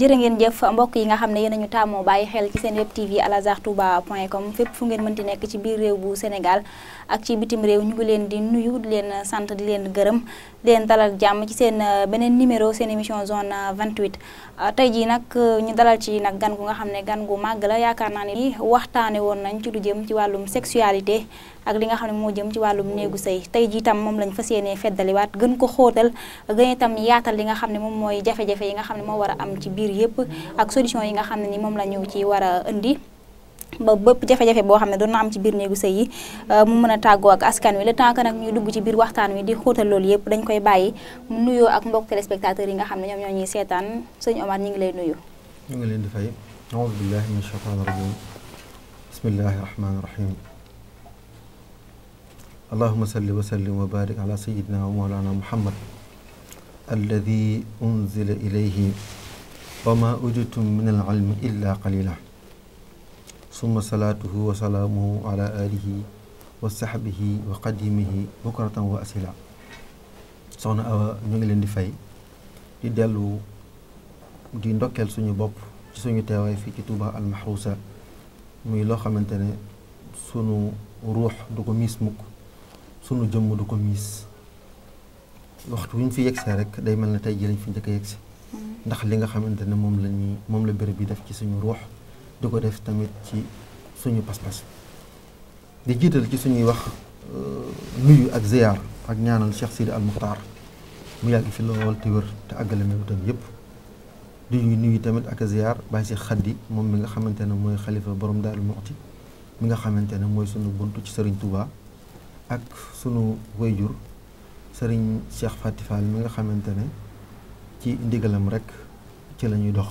jërë ngeen jëf mbokk yi nga xam ne yéen ñu taamoo bàyyi xel ci seen web tv alazar touba point com fépp fu ngeen mënti nekk ci biir réew bu Sénégal ak ci bitim réew ñu ngi leen di nuyu di leen sant di leen gërëm leen dalal jàmm ci seen euh, beneen numéro seen émission zone 28 euh, tey jii nag euh, ñu dalal ci nag gan gu nga xam ne gan gu màgg la yaakaar naa ne waxtaane woon nañ ci lu jëm ci wàllum sexualité ak li nga xam ne moo jëm ci wàllum néegu sëy tey ji itam moom lañ fas yéenee feddaliwaat gën ko xóotal gën itam yaatal li nga xam ne moom mooy jafe-jafe yi nga xam ne moo war a am ci biir yëpp ak solution yi nga xam ne ni moom la ñu ci war a indi ba bépp jafe boo xam ne doon na am ci biir néegu sëy yi euh, mu mën a tàggoo ak askan wi la temps que nag ñuy dugg ci biir waxtaan wi di xóotal loolu yëpp dañ koy bàyyi mu nuyoo ak mbokk téléspectateurs yi nga xam ne ñoom ñoo ñuy seetaan sëñ Omar ñu ngi lay nuyu ñu ngi leen di fay aoudu min shaytaani rajim bismillahi rahmaani rahim اللهم صل وسلم وبارك على سيدنا ومولانا محمد الذي أنزل إليه وما أوجدتم من العلم إلا قليلا ثم صلاته وسلامه على آله وصحبه وقديمه بكرة وأسهلا soxna Awa ñu ngi leen di fay di dellu di ndokkeel suñu bopp ci suñu teewaay fii ci Touba al Mahrousa muy loo xamante ne sunu ruux du ko miis mukk sunu jëmm du ko miis waxtu wi ñu fi yegsee rek day mel ne tey jii lañ fi njëkk a yegsi mm. ndax li nga xamante ne moom la ñuy moom la béréb bi def ci suñu ruux di ko def tamit ci suñu pas-pas di jiital ci suñuy wax euh, nuyu ak ziyaar ak ñaanal Cheikh Sidi Al Muxtaar mu yàgg fi lool te wér te àggale mébétam yépp di nuyu tamit ak ziyaar bàyyi si xaddi moom mi nga xamante ne mooy xalifa borom Daaru Muxti mi nga xamante ne mooy suñu bunt ci Sëriñ Tuubaa ak sunu wayjur sëriñ Cheikh Faty mi nga xamante ne ci ndigalam rek ci la ñuy dox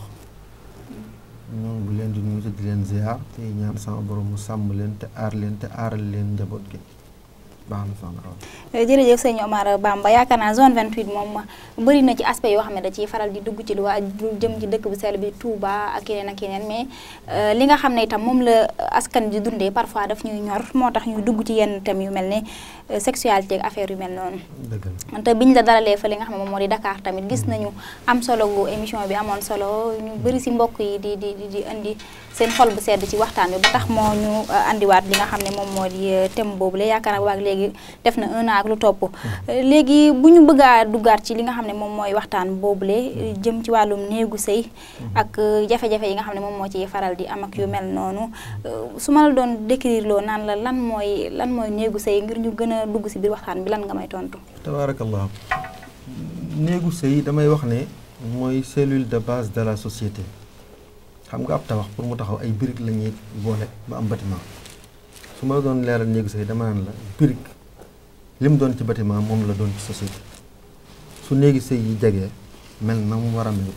ñoom leen di nuyu te di leen ziar te ñaan sama borom sàmm leen te aar leen te aaral leen njaboot gi baax na soxna jërëjëf sëñ Omar yaakaar naa zone 28 moom bëri na ci aspect yoo xam ne da ciy faral di dugg ci lu waa jëm ci dëkk bu sell bi Touba ak yeneen ak yeneen mais eh, li nga xam ne itam moom la askan di dundee parfois daf ñuy ñor moo tax ñuy dugg ci yenn thèmes yu mel ne eh, sexualité ak affaire yu mel noonu te biñ la dalalee fa li nga xam ne moom moo di dakaar tamit gis mm-hmm. nañu am solo gu émission bi amoon solo ñu bëri si mbokk yi di di di indi seen xol bu sedd ci waxtaan bi ba tax moo ñu indiwaat uh, li nga xam ne moom moo di uh, thème boobu la yaakaar naa waag léegi def na un ak lu topp mm-hmm. uh, léegi bu ñu bëggaa duggaat ci li nga xam ne moom mooy waxtaan boobu boobule mm-hmm. jëm ci wàllum néegu sëy mm-hmm. ak jafe-jafe yi nga xam ne moom moo ci faral di am ak yu mel noonu su ma la doon décrire loo naan la lan mooy lan mooy néegu sëy ngir ñu gën a dugg si biir waxtaan bi lan nga may tontu tabaarakallah néegu sëy damay wax ne mooy cellule de base de xam nga ab tabax pour mu taxaw ay brique la ñuy boole ba am batiment su ma doon leeral néegu sëy dama naan la brique lim doon ci bâtiment moom la doon ci société su néegi sëy yi jegee mel na mu war a mel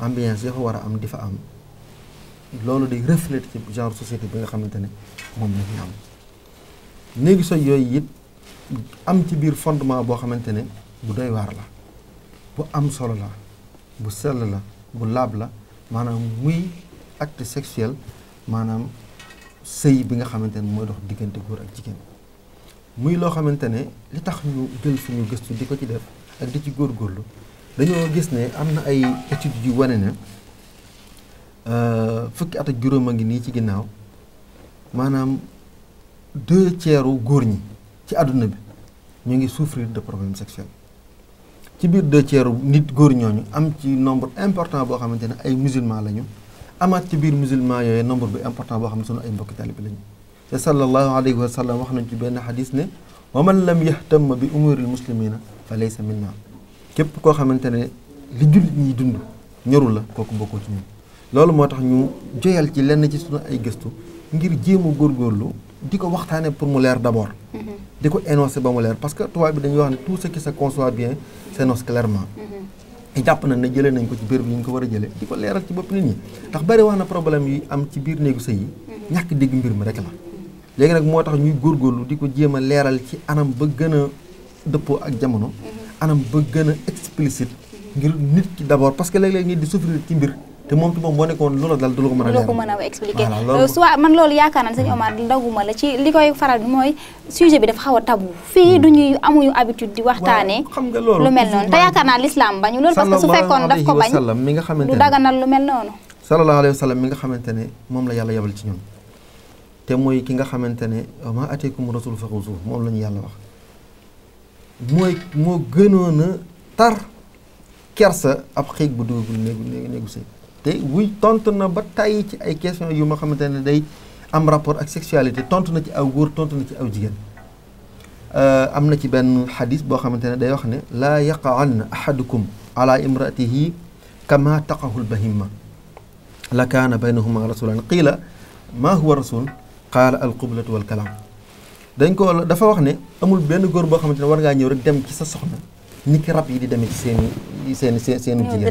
ambiance ya fa war a am di fa am loolu di refléter ci genre société bi nga xamante ne moom la am néegi sëy yooyu it am ci biir fondement boo xamante ne bu doy waar la bu am solo la bu sell la bu laab la maanaam muy acte sexuel maanaam sëy bi nga xamante ne mooy dox diggante góor ak jigéen muy loo xamante ne li tax ñu jël suñu gëstu di ko ci def ak di ci góorgóorlu dañoo gis ne am na ay études yu wane ne euh, fukki at ak juróom a ngi nii ci ginnaaw maanaam deux tiers góor ñi ci àdduna bi ñu ngi souffrir de problème sexuel ci biir deux tiers nit góor ñooñu am ci nombre important boo xamante ne ay musulman lañu amaat ci biir musulman yooyu nombre bi important boo xam ne sunu ay mbokki taalibe lañu te sallallahu alayhi wa sallam wax nañ ci benn xadis ne wa man lam yahtam bi umuril muslimina fa laysa minna képp koo xamante ne li jullit ñiy dund ñorul la kooku bokkoo ci ñun loolu moo tax ñu joyal ci lenn ci sunu ay gëstu ngir jéem góor góorlu di ko waxtaanee pour mu leer d' abord. Mm-hmm. di ko énoncer ba mu leer parce que tubaab bi dañuy wax ne tout ce qui se conçoit bien s' énonce clairement. Mm-hmm. jàpp nañ ne jëlee nañ ko ci béréb yi ñu ko war a jëlee di ko leeral ci bopp nit ñi ndax bari wax na problème yi am ci biir néegu sëy yi mm-hmm. ñàkk dégg mbir mi rek la. léegi nag moo tax ñuy góor góorgóorlu di ko jéem a leeral ci anam ba gën a dëppoo ak jamono. anam ba gën a explicite ngir nit ki d' abord parce que léeg-léeg nit di souffrir ci mbir. te moom ci moom boo nekkoon loolu dal du la ko mën a. du ko mën a expliqué euh, soit man loolu yaakaar naa ne sëñ Omar ndaguma la ci li koy faral bi mooy sujet bi dafa xaw a tabu. fii hmm. du ñuy amuñu habitude di waxtaanee. xam nga loolu lu mel noonu te yaakaar naa lislaam bañu loolu. parce que su fekkoon daf ko bañ du daganal lu mel noonu. sallallahu alayhi wa mi nga xamante ne moom la yàlla yabal ci ñun te mooy ki nga xamante ne ma ateekum rasul fa moom la ñu yàlla wax mooy moo gënoon a tar kersa ab xiig bu dugagul néegu néegu sëy te wuy tontu ba tay ci ay questions yu ma xamante ne day am rapport ak sexualité tontu na ci aw góor tontu ci aw jigéen euh, am na ci benn xadis boo xamante ne day wax ne laa yaqaanna ahadukum ala imraatihi kama taqahu lbahima la kaana baynahuma rasulan qiila maa huwa rasul qaala alqublatu walkalaam dañ ko dafa wax ne amul benn góor boo xamante ne war ngaa ñëw rek dem ci sa soxna ni ki rab yi di demee ci seen i seen seen seen jigéen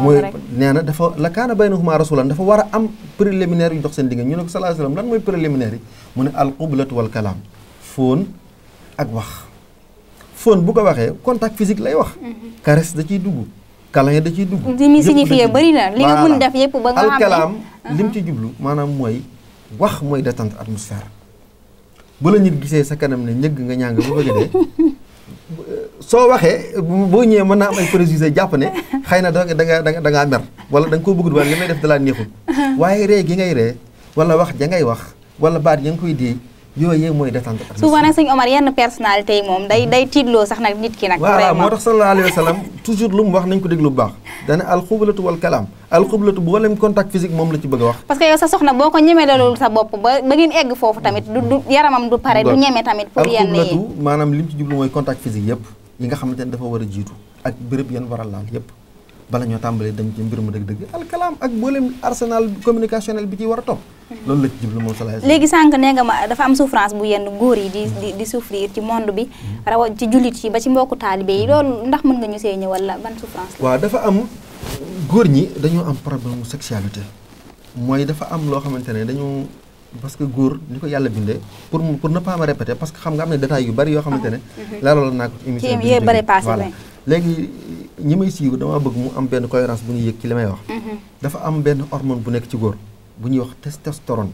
mooy nee na dafa la kaana baynahuma rasulan dafa war a am préliminaire yu dox seen diggante ñu ne ko sallallahu alayhi wasallam lan mooy préliminaire yi mu ne alqublatu wal kalaam ak wax fóon bu ko waxee contact physique lay wax mhm. caresse da ciy dugg kalaye da ciy dugg li muy signifié bëri na li nga mën def yëpp ba nga xam alkalaam uh-huh. lim ci jublu maanaam mooy wax mooy détente atmosphère bu la nit gisee sa kanam ne ñëgg nga ñàng ba bëgg dee soo waxee boo ñëwee mën naa am ay préjugés jàpp ne xëy na da nga da ngaa mer wala da nga koo bëggul wala li may def da laa waaye ree gi ngay ree wala wax ja ngay wax wala baat ya nga koy dee yooyu mooy détente souvent nag sëñ Omar yenn personnalité yi moom day day tiitloo sax nag nit ki nag waaw moo tax sallallahu alayhi wa lu mu wax nañ ko déglu bu baax dana alxublatu wal kalaam alxublatu bu moom la ci bëgg wax parce que yow sa soxna boo ko ñemee loolu sa bopp ba ba ngeen egg foofu tamit du yaramam du pare du ñeme tamit pour yenn yi maanaam li mu ci jublu mooy yëpp yi nga xamante ne dafa war a jiitu ak béréb yan war a laal yépp bala ñoo tàmbalee dem ci mbir mu dëgg-dëgg alkalaam ak mboolem arsenal communicationnel bi ci war a topp. loolu la ci jublu moom salaay. léegi sànq nee nga ma dafa bu yenn góor yi di di di ci monde bi mm-hmm. rawa ci jullit yi ba ci mbokku taalibe yi loolu ndax mën nga ñu see ñëwal ban souffrance la. waaw dafa am góor ñi dañoo am problème sexualité mooy dafa am loo xamante ne dañoo parce que góor ni ko yàlla bindee pour pour ne pas me répéter parce que xam nga am na détails yu bari yoo xamante ne. Ah, mhm. laaloon naa ko ci émission bi voilà léegi ñi may siiw dama bëgg mu am benn cohérence bu ñuy yëg ci li may wax. Mhm. dafa am benn hormone bu nekk ci góor bu ñuy wax testostérone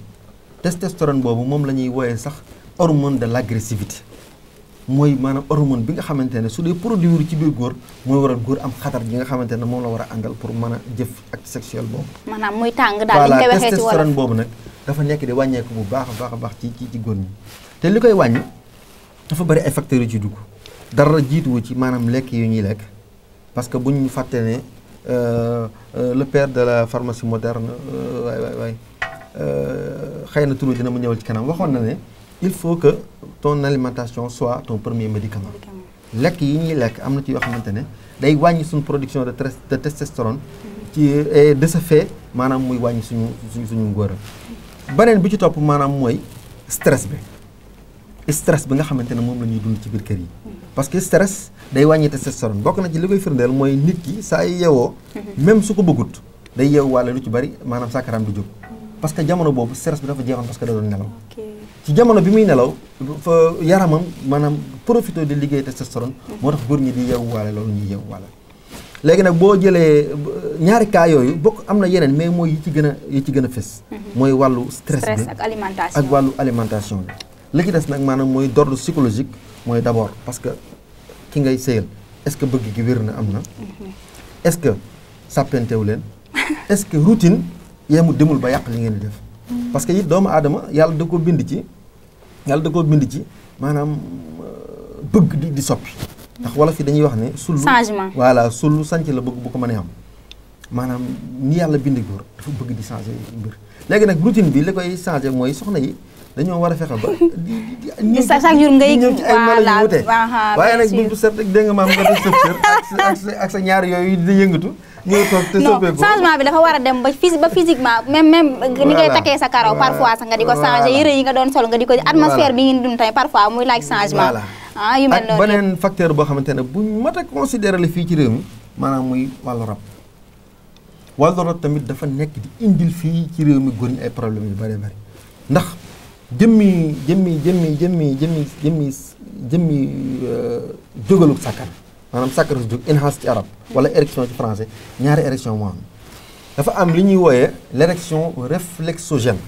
testostérone boobu moom la ñuy wooyee sax hormone de l' agressivité mooy maanaam hormone bi nga xamante ne su dee produire ci biir góor mooy waral góor am xatar gi nga xamante ne moom la war a àndal pour mën a jëf acte sexuel boobu. maanaam boobu nag. dafa nekk di wàññeeku bu baax baax a baax ci ci ci góor ñi te li koy wàññi dafa bëri ay facteurs yu ci dugg dara jiituwu ci maanaam lekk yi ñuy lekk parce que bu ñu fàtte ne euh, euh, le père de la pharmacie moderne euh, waay waay waay xëy na turu dina mu ñëwal ci kanam waxoon na ne il faut que ton alimentation soit ton premier médicament lekk yi ñuy lekk am na ci yoo xamante ne day wàññi suñu production de de testostérone mm-hmm. ci de ce maanaam muy wàññi suñu suñu suñu ngóora beneen bi ci topp maanaam mooy stress bi stress bi nga xamante ne moom la ñuy dund ci biir kër yi. parce que stress day wàññi testostérone bokk na ci li koy firndeel mooy nit ki saa yi yeewoo. Mhm. même su ko bëggut day yeewu lu ci bari maanaam saakaram du jóg. parce que jamono boobu stress bi dafa jeexoon parce que da doon nelaw. ci jamono bi muy nelaw fa yaramam maanaam profité di liggéey testostérone. Mhm. moo tax góor ñi di yeewu wàlle loolu ñuy yeewu wàlle. léegi nag boo jëlee ñaari cas yooyu bokk am na yeneen mais mooy yi ci gën a yi ci gën a fës. Mhm. mooy wàllu stress bi ak ak wàllu alimentation bi. li ci des nag maanaam mooy d'ordre psychologique mooy d'abord parce que ki ngay sëyal est-ce que bëgg gi wér na am na. Mhm. est-ce que sàppantewu leen. est-ce que routine yemu demul ba yàq li ngeen di def. Mhm. parce que it doomu aadama yàlla da ko bind ci yàlla da ko bind ci maanaam euh, bëgg di di soppi. ndax wolof fi dañuy wax ne. sullu changement voilà sullu sanc la bëgg bu ko mënee am maanaam ni yàlla bind góor dafa bëgg di changé mbir léegi nag routine bi li koy changé mooy soxna yi dañoo war a fexe ba. di chaque jour nga maam nga def sa ak sa ak sa ñaar yooyu di yëngatu. ñëw toog te soppeeku changement bi dafa a dem ba phys ba physiquement même même. sa nga di ko changé yére yi nga doon sol nga di ko atmosphère bi ngeen dund tamit parfois muy laaj changement. ah yu mel beneen facteur boo xamante ne bu mat a considéré la fii ci réew mi maanaam muy wàllu rab wàllu rab tamit dafa nekk di indil fii ci réew mi góor ay problème yu bari bari ndax jëmmi jëmmi jëmmi jëmmi jëmmi jëmmi jëmmi euh, jógalug sàkkar maanaam sàkkar su jóg enhance ci arab wala érection ci français ñaari érection moo am dafa am li ñuy wooyee l' euh, érection réflexogène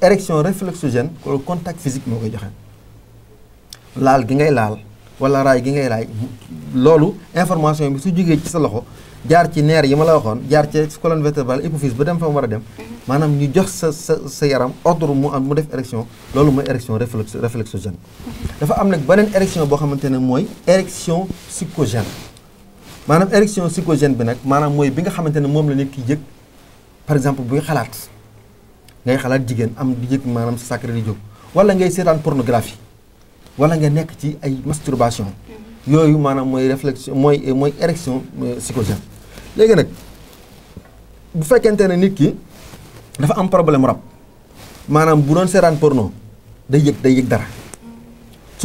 érection réflexogène loolu contact physique moo koy joxe laal gi ngay laal wala raay gi ngay raay loolu information bi su jógee ci sa loxo jaar ci neer yi ma la waxoon jaar ci colonne vertébrale hypophyse ba dem fa mu war a dem maanaam ñu jox sa sa sa yaram ordre mu am mu def érection loolu mooy érection réflexe réflexogène dafa am nag beneen érection boo xamante ne mooy érection psychogène maanaam érection psychogène bi nag maanaam mooy bi nga xamante ne moom la nit ki yëg par exemple buy xalaat ngay xalaat jigéen am di yëg maanaam sa sacré di wala ngay seetaan pornographie wala nga nekk ci ay masturbation yooyu maanaam mooy réflexion mooy mooy érection euh, psychogène léegi nag bu fekkente ne nit ki dafa am problème rab maanaam bu doon seeraan porno day yëg day yëg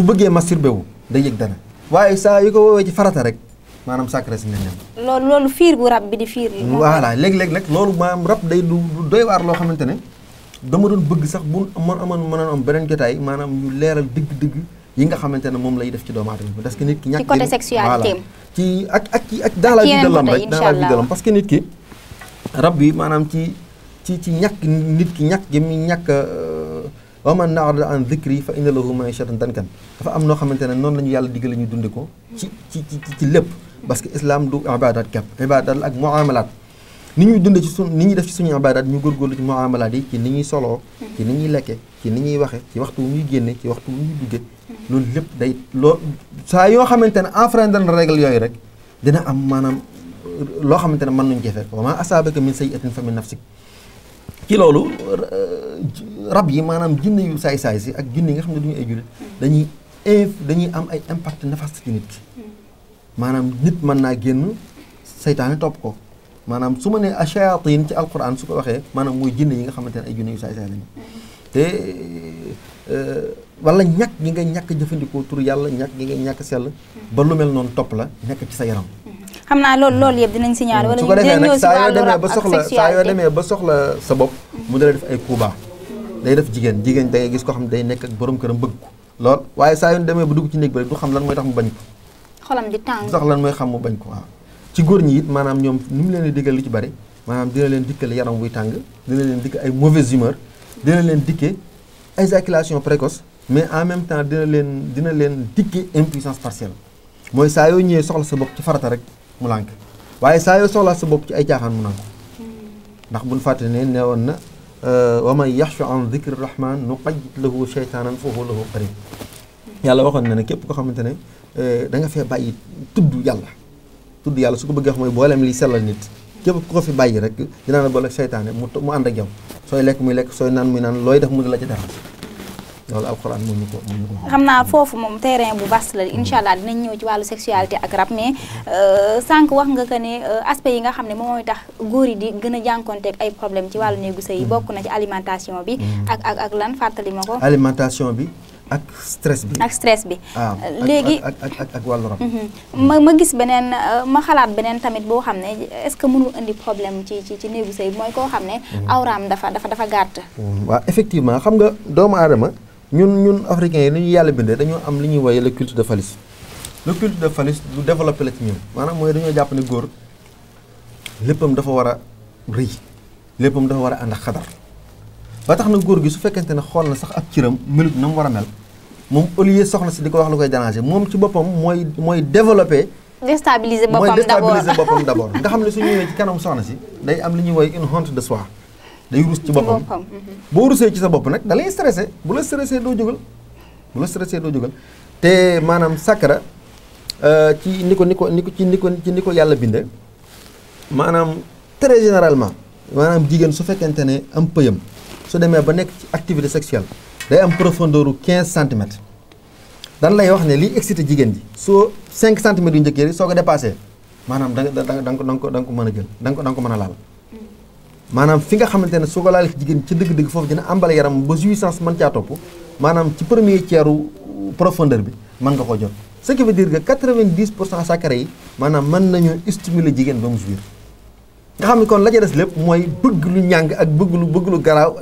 bëggee masturbé wu day yëg waaye saa yu ko wowee ci farata rek maanaam sacré si nañ leen. loolu loolu fiir bu rab bi di fiir. voilà léeg-léeg nag loolu maanaam rab day du doy waar loo xamante ne dama doon bëgg sax bu ma amoon mënoon am beneen jotaay maanaam ñu leeral dëgg-dëgg. yi nga xamante ne moom lay def ci doomu aadama bi que nit ki ñàkk ci côté sexualité ci ak ak ci ak dans la rab yi maanaam ci ci ci ñàkk nit ki ñàkk gi mi ñàkk euh, wa man arada an dhikri fa inna lahu ma'ishatan dankan dafa am noo xamante ne noonu la yàlla digale ñu dunde ko ci ci ci ci lépp parce que islam du ibadat kepp ibadat la ak muamalat ni ñuy dunde ci suñ ni ñuy def ci suñu ibadat ñu góorgóorlu ci muamalat yi ci ni ñuy soloo ci ni ñuy lekke ci ni ñuy waxe ci waxtu wu ñuy génne ci waxtu wu ñuy loolu lépp day loo saa yoo xamante ne enfreindre na règle yooyu rek dina am maanaam euh, loo xamante ne mën nañu jëfee wa maa asaabaka min sayyi'atin fa min nafsik ci loolu euh, rab yi maanaam jinne yu saay-saay si ak jinne yi nga xam ne duñu ay jullit dañuy dañuy am ay impact néfaste ci maanaam nit mën naa génn saytaane topp ko maanaam su ma nee ashayaatin ci alquran su ko waxee maanaam mooy jinne yi xamante ne ay jinne yu saay-saay lañu te euh, wala ñàkk gi nga ñàkk jëfandikoo tur yàlla ñàkk gi nga ñàkk sell ba lu mel noonu topp la nekk ci sa yaram mm-hmm. xam naa loolu loolu yëpp dinañ signalé wala su ko defee nag saa yoo ba soxla saa yoo demee ba soxla sa bopp mu dala def ay kuuba mm-hmm. day def jigéen jigéen da gis koo xam ne day nekk ak borom këram bëgg ko lool waaye saa yoo demee ba dugg ci néeg bi du xam lan mooy tax mu bañ ko xolam di tàng mooy xam mu bañ ko waaw ci góor ñi it maanaam ñoom nu mu leen di diggal li ci bari maanaam dina leen dikkal yaram buy tàng dina leen dikk ay mauvaise humeur dina leen dikkee éjaculation précoce mais en même temps dina leen dina leen digge impuissance partielle mooy saa yoo ñëwee soxla sa bopp ci farata rek mu lànk waaye saa yoo soxla sa bopp ci ay caaxaan mu nangu ndax buñ fàtte ne nee woon na euh, wa man yaxshu an dicri rahman nuqayyit lahu sheytaanan fa huwa lahu qarin yàlla waxoon na ne képp koo xamante ne euh, da nga fee bàyyi tudd yàlla tudd yàlla su ko bëggee wax mooy booleem li sellal nit képp ko fi bàyyi rek dinaa la boole seytaane mu mu ànd ak yow lekk muy lekk sooy naan muy naan looy def mu la ca dara loolu alxuraan moo ñu ko moo ñu ko xam naa foofu moom terrain bu vaste la incha allah dinañ ñëw ci wàllu sexualité ak rab mais euh, sànq wax nga que ne euh, aspect yi nga xam ne moom mooy tax góor yi di gën a jànkonteeg ay problème ci wàllu néegu sëy yi mm. bokk na ci alimentation bi mm. ak ak ak lan fàttali ma ko alimentation bi ak stress bi ak stress bi. Ah, léegi ak ak ak ak wàllu rab. Mhm. Mm. ma ma gis beneen euh, ma xalaat beneen tamit boo xam ne est-ce que mënul indi problème ci ci ci néegu sëy mooy koo xam ne. awraam dafa dafa dafa gàtt. waaw effectivement xam nga doomu aadama. ñun ñun africains yi ni ñu yàlla bindee dañoo am li ñuy woye le culte de Phallis le culte de Phallis lu développé la ci ñun maanaam mooy dañoo jàpp ne góor léppam dafa war a rëy léppam dafa war a ànd ak xadar ba tax na góor gi su fekkente ne xool na sax ak ciram melut na mu war a mel moom au lieu soxna si di ko wax lu koy déranger moom ci boppam mooy mooy développé. déstabiliser boppam d'abord mooy déstabiliser boppam d'abord nga xam ne su soxna si day am li ñuy woy une honte de soi. day rus ci boppam mhm. boo rusee ci sa bopp nag da lay stressé bu la stressé doo jógal bu la stressé doo jógal te maanaam sàkkara euh, ci ni ko ni ko ni ko ci ni ko ci ni ko yàlla binde maanaam très généralement maanaam jigéen su fekkente ne am pëyam su demee ba nekk ci activité sexuelle day am profondeur u 15 centimètres dan lay wax ne liy excité jigéen ji soo 5 centimètres yu njëkkee rek soo ko dépassé maanaam da nga da nga ko da nga ko mën a jël da nga ko da ko mën a laal. maanaam fi nga xamante ne su ko laalee jigéen ci dëgg-dëgg foofu dina emballé yaram ba jouissance mën caa topp maanaam ci premier tiers profondeur bi mën nga ko jot ce qui veut dire que 90 pour cent sacré yi maanaam mën nañoo stimuler jigéen ba mu jouir xam kon la ca des lépp mooy bëgg lu ñàng ak bëgg lu bëgg lu garaaw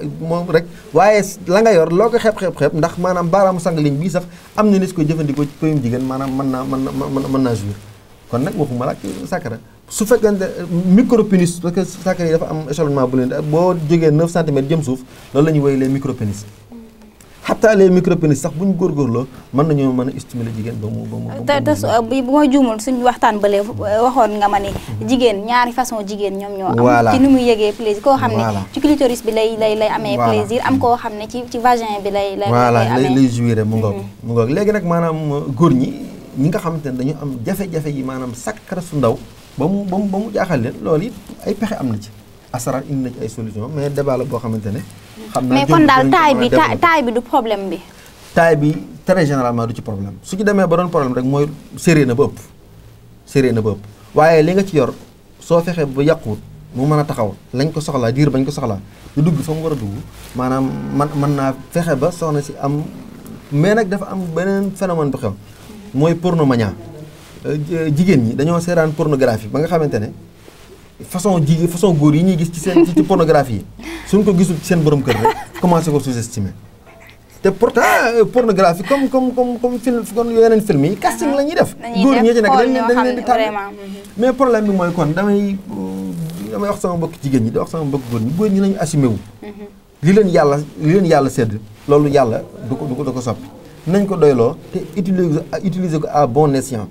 rek waaye la nga yor loo ko xeeb xeeb xeeb ndax maanaam baaraamu sang liñ bii sax am na nis jëfandikoo ci payum jigéen maanaam mën naa mën na mën naa jouir kon nag waxuma la ak sacré su fekkente euh, micropénis parce que sàkkar yi dafa am échelonnement bu leen boo jógee 9 centimètres jëm suuf loolu la ñuy woy les micropénis xataa les micropénis sax bu ñu góor góorgóorloo mën nañoo mën a stimuler jigéen ba mu ba mu. te te bu ma juumul suñu waxtaan bële waxoon nga ma ni. Mhm. jigéen ñaari façon jigéen ñoom ñoo. am ci ni muy yëgee plaisir. koo xam ne ci clitoris bi lay lay amee. plaisir am koo xam ne ci ci vagin bi lay. lay amee lay mu ngoog mhm. mu léegi nag maanaam euh, góor ñi ñi nga xamante ne dañu am jafe-jafe yi maanaam sakkara su ndaw ba mu ba mu ba mu jaaxal leen loolu it ay pexe am na ci asaraan indi na ci ay solution mais débat la boo xamante ne. xam naa mais kon daal taay bi taay bi du problème bi. taay bi très généralement du ci problème su ci demee ba doon problème rek mooy séré na ba ëpp séré na ba ëpp waaye li nga ci yor soo fexee ba yàquwut mu mën a taxaw lañ ko soxlaa giir bañ ko soxlaa du dugg fa mu war a dugg maanaam man mën naa fexe ba soxna si am mais nag dafa am beneen phénomène bu xew mooy pornomania Euh, jigéen ñi dañoo seeraan pornographie ba nga xamante ne façon jigéen façon góor yi ñuy gis ci seen ci pornographie yi suñ ko gisu seen borom kër rek commencé ko sous-estimer te pourtant euh, pornographie comme comme comme comme film kon yeneen film yi casting la ñuy def. góor ñi ci mm-hmm. mais problème bi mooy kon damay damay wax sama mbokk jigéen ñi di wax sama mbokk góor ñi góor ñi nañu assumé wu. Mm-hmm. li leen yàlla li leen yàlla sedd loolu yàlla du ko du ko soppi nañ ko doyloo te utiliser ko à bon escient.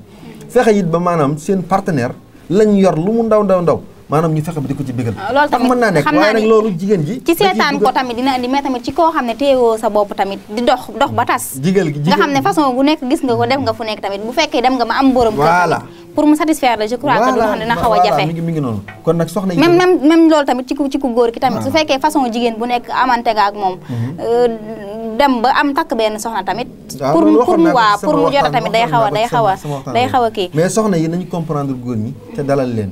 fexe it ba maanaam seen partenaire lañ yor lu mu ndaw ndaw ndaw maanaam ñu fexe ba di ko ci bégal ah, loolu tamit mën naa nekk waaye nag loolu jigéen ji ci seetaan ko tamit dina indi tamit ci koo xam ne téyewoo sa bopp tamit di dox ba tas jigéen gi nga xam ne façon bu nekk gis nga ko def nga fu nekk tamit bu fekkee dem nga ma am borom voilà pour mu satisfaire la je crois que xam ne dina xaw a jafe mi ngi mi ngi noonu kon nag soxna yi même même même loolu tamit ci ku ci ku góor ki tamit su fekkee façon jigéen bu nekk amante nga ak moom mhm. euh, dem ba am takk benn soxna tamit. pour pour mu waa pour mu jot tamit day xaw a day xaw a day xaw a kii. mais soxna yi nañu comprendre góor ñi te dalal leen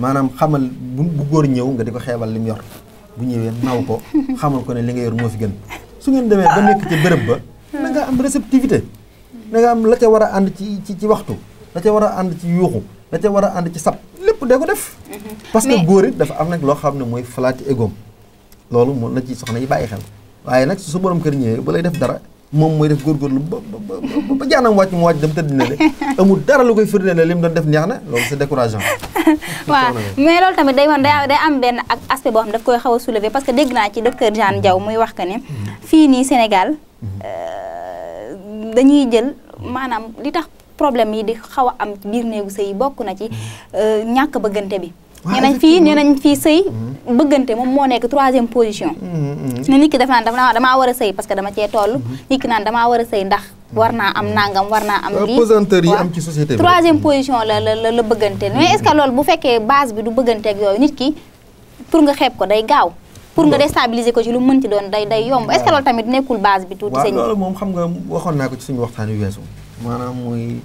maanaam xamal bu góor ñëw nga di ko xeebal li mu yor bu ñëwee naw ko xamal ko ne li nga yor moo fi gën su ngeen demee ba nekk ci bërëb ba na nga am réceptivité na nga am la ca war a ànd ci ci ci waxtu la ca war a ànd ci yuuxu la ca war a ànd ci sab lépp de ko def mhm. parce que góor it dafa am nag loo xam ne mooy falaati égoom loolu moom la ci soxna yi bàyyi xel waaye nag su borom kër ñëwee ba lay def dara moom mooy def góorgóorlu ba ba ba jaanam wàcc mu wàcc dem tëdd na de amul dara lu koy firnde ne li mu def neex na loolu c'est décourageant. waaw mais loolu tamit day wan day am benn ak aspect boo xam daf koy xaw a soulever parce que dégg naa ci docteur Jeanne Diaw muy wax que ne. Mm-hmm. fii nii Sénégal mm-hmm. euh, dañuy jël maanaam li tax problème yi di xaw a am biir néegu sëy yi bokk na ci mm-hmm. euh, ñàkk bëggante bi. nee nañ fii nee nañ fii sëy bëggante moom moo nekk troisième position ne mm, mm, mm. nit ki dafa naan dafa damaa war a sëy parce que dama cee toll mm-hmm. nit ki naan damaa war a sëy ndax war naa am mm-hmm. nangam war naa am euh, lii pesanteur yi am ci société bi mm-hmm. position la la la bëggante mais est bu fekkee base bi du bëggante ak yooyu nit ki pour nga xeeb ko day gaaw pour nga déstabiliser ko ci lu mën ci doon day day yomb est tamit nekkul base bi tuuti sëñ loolu moom xam nga waxoon naa ko ci suñu waxtaan yu weesu maanaam mooy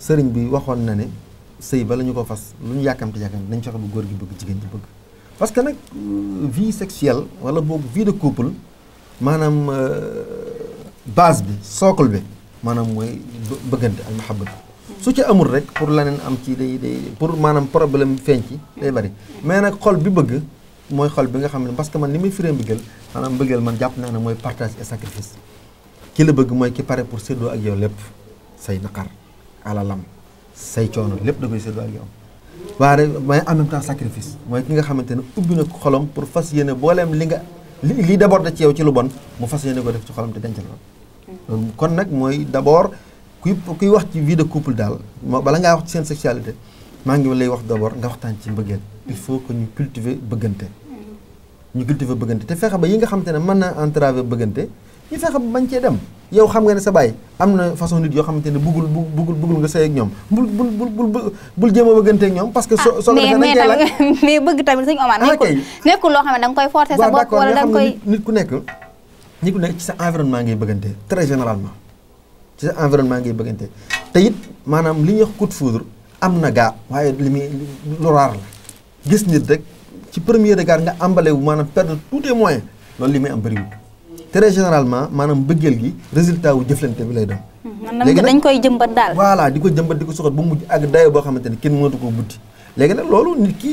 sëriñ bi waxoon na ne sëy ba la ñu ko fas lu ñu yàkkamti yàkkamti nañ fexe bu góor gi bëgg jigéen ji bëgg parce que nag euh, vie sexuelle wala boobu vie de couple maanaam euh, base bi socle bi maanaam mooy bëggante ak mahabbatu su ci amul rek pour leneen am ci day day pour maanaam problème feeñ ci lay bari mais nag xol bi bëgg mooy xol bi nga xam ne parce que man ni muy firee mbëggeel maanaam mbëggeel man jàpp naa ne mooy partage et sacrifice ki la bëgg mooy ki pare pour séddoo ak yow lépp say naqar alalam say coono lépp da koy séddoo ak yow waaye rek mais en même temps sacrifice mooy ki nga xamante ne ubbi na xolom pour fas yéene booleem li nga li li déborde ci yow ci lu bon mu fas yéene ko def ci xolam te dencal ko kon nag mooy d' abord kuy kuy wax ci vie de couple daal bala ngaa wax ci seen sexualité maa ngi lay wax d' abord nga waxtaan ci mbëggeel il faut que ñu cultiver bëggante ñu cultiver bëggante te fexe ba yi nga xamante ne mën naa entraver bëggante ñu fexe bañ cee dem yow xam nga ne sa baay am na façon nit yoo xamante ne buggul buggul buggul nga sëy ak ñoom bul bul bul bul jéem a bëggante ak ñoom. parce que ah, soo soo defee nañ la mais bëgg tamit sëñ Omar. Ah, nekkul nekkul loo xam ne da nga koy forcer sa bopp. wala da nga koy nit ku nekk nit ku nekk ci sa environnement ngay bëggante très généralement ci sa environnement ngay bëggante te it maanaam li ñuy wax coup de foudre am na gaa waaye li muy lu raar la gis nit rek ci premier regard nga emballé wu maanaam perdre tous tes moyens loolu li muy am bëriwul. très généralement maanaam bëggeel gi résultat wu jëflante bi lay doon. Hmm, léegi nag dañ koy jëmbat daal. voilà di ko jëmbat di ko bu mujj ak dayo boo xamante ne kenn mënatu ko buddi léegi nag loolu nit ki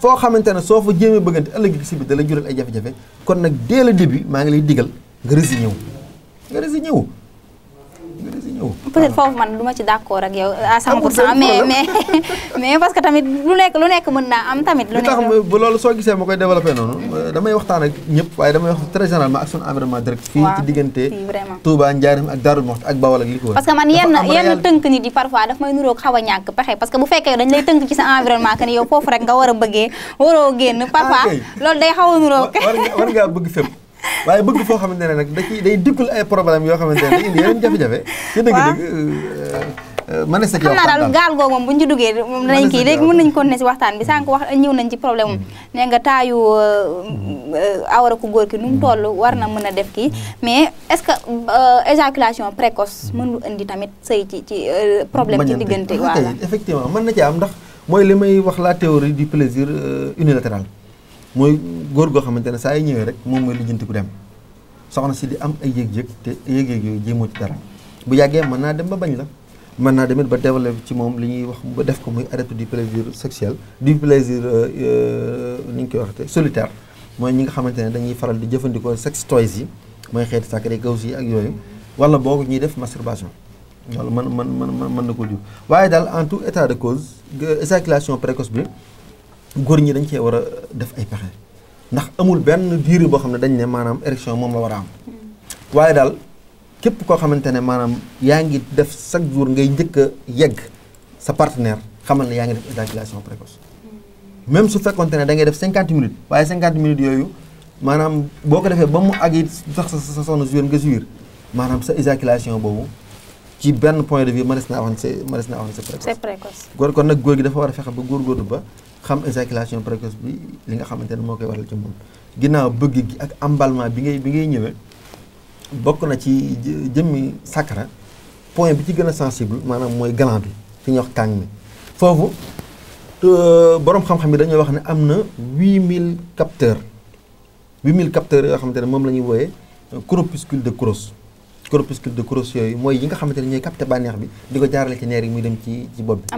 foo xamante ne soo fa jéemee bëggante ëllëg si bi da la jural ay jafe-jafe kon nag dès le début maa ngi lay diggal nga résigné ñëw nga résigné wu peut-être foofu man du ma ci d'accord ak yow à ah, 100% mais mais mais parce que tamit lu nekk lu nekk mën naa am tamit. lu nekk lu tax loolu soo gisee ma koy développé noonu damay waxtaan ak ñëpp waaye damay wax très généralement ak sunu environnement direct. fii ci diggante Touba Njaaréem ak Darou Mouhty ak Bawol ak li ko parce que man yenn yenn tënk nit yi parfois daf may nuroog xaw a ñàkk pexe parce que bu fekkee dañ lay tënk ci sa environnement que ni yow foofu rek nga war a bëggee waroo génn ah, parfois loolu day xaw a nuroog war ngaa bëgg fépp waaye bëgg foo xamante ne nag da ciy day dikkul ay problème yoo xamante ne day indi yeneen jafe-jafe. waaw dëgg-dëgg. mënees na sa xam naa daal gaal googu moom bu ñu ci duggee moom danañ kii léegi mën nañ continuer si waxtaan bi sànq wax ñëw nañ ci problème mu mm-hmm. nee nga taayu euh, awara ku góor ki nu mu toll war na mën a def kii mais est-ce que euh, éjaculation précoce mënul indi tamit sëy ci ci euh, problème ci diggante. voilà ah, effectivement mën na ci am ndax mooy li may wax la théorie du plaisir unilatéral. mooy góor goo xamante ne saa yi ñëwee rek moom mooy lijjanti ku dem soxna si di am ay yëg-yëg te yëg-yëg yooyu jéemoo ci dara bu yàggee mën naa dem ba bañ la mën naa demit ba développé ci moom li ñuy wax ba def ko muy arrêté du plaisir sexuel du plaisir euh, euh, ni ñu koy waxte solitaire mooy ñi nga xamante ne dañuy faral di jëfandikoo sex toys yi mooy xeeti sacré gaws yi ak yooyu wala boog ñuy def masturbation wala man mën mën mën na ko jur waaye daal en état de cause éjaculation bi góor ñi dañ cee war a def ay pexe ndax amul benn diir boo xam ne dañ ne maanaam érection moom la war a am waaye daal képp koo xamante ne maanaam yaa ngi def chaque jour ngay njëkk a yegg sa partenaire xamal ne yaa ngi def éjaculation précoce su fekkonte ne da ngay def cinquante minutes waaye cinquante minutes yooyu maanaam boo ko defee ba mu ak yi sax sa soxna suwér nga suwér maanaam sa éjaculation boobu ci benn point de vue mënees na avancé mënees na avancé précoce. c'est précoce. góor kon nag góor gi dafa war a fexe ba góorgóorlu ba xam éjaculation précoce bi li nga xamante ne moo koy waral ci moom ginnaaw bëgg gi ak emballement bi ngay bi ngay ñëwee bokk na ci jëmmi sacra point bi ci gën a sensible maanaam mooy galan bi fi ñuy wax kàng mi foofu euh, borom xam-xam yi dañoo wax ne am na mille 8000 capteurs 8000 capteurs yoo xamante ne moom la ñuy wooyee euh, corpuscule de Croce corpuscule de Croce yooyu mooy yi nga xamante ne ñooy capté bànneex bi di ko jaarale ci neer yi muy dem ci bo bopp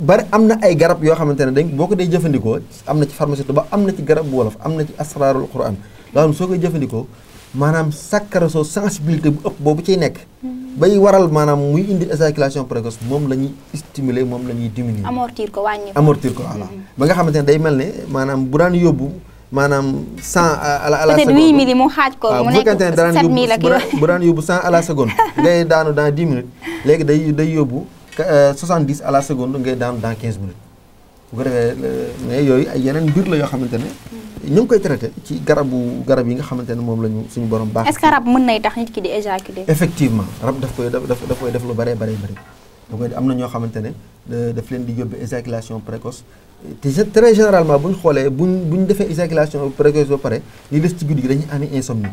bari am na ay garab yoo xamante ne dañ boo ko dee jëfandikoo am na ci pharmacie ba am na ci garab bu wolof am na ci asraarul quran loo xam ne soo koy jëfandikoo maanaam sàkkara soo sensibilité bu ëpp boobu ciy nekk hmm. bay waral maanaam muy indi éjaculation précoce moom la ñuy moom la ñuy diminuer amortir ko wàññi amortir ko voilà hmm. ba nga xamante ne day mel ne maanaam bu daan yóbbu maanaam cent à la à la seconde huit mille mu xaaj ko mu nekk sept mille ak bu daan yóbbu cent à la seconde ngay daanu dans dix minutes léegi day day yóbbu 70 à la seconde ngay daanu dans 15 minutes bu ko defee mais yooyu ay yeneen mbir la yoo xamante ne. ñu ngi koy traité ci garabu garab yi nga xamante ne moom la ñu suñu borom baax. est-ce que rab mën nay tax nit ki di éjaculer. effectivement rab daf koy daf daf koy def lu bëree bëri bëri da koy am na ñoo xamante ne euh, daf leen di yóbbu éjaculation précoce te très généralement bu ñu xoolee bu ñu bu ñu defee éjaculation précoce ba pare li des ci guddi gi dañuy amee insomnie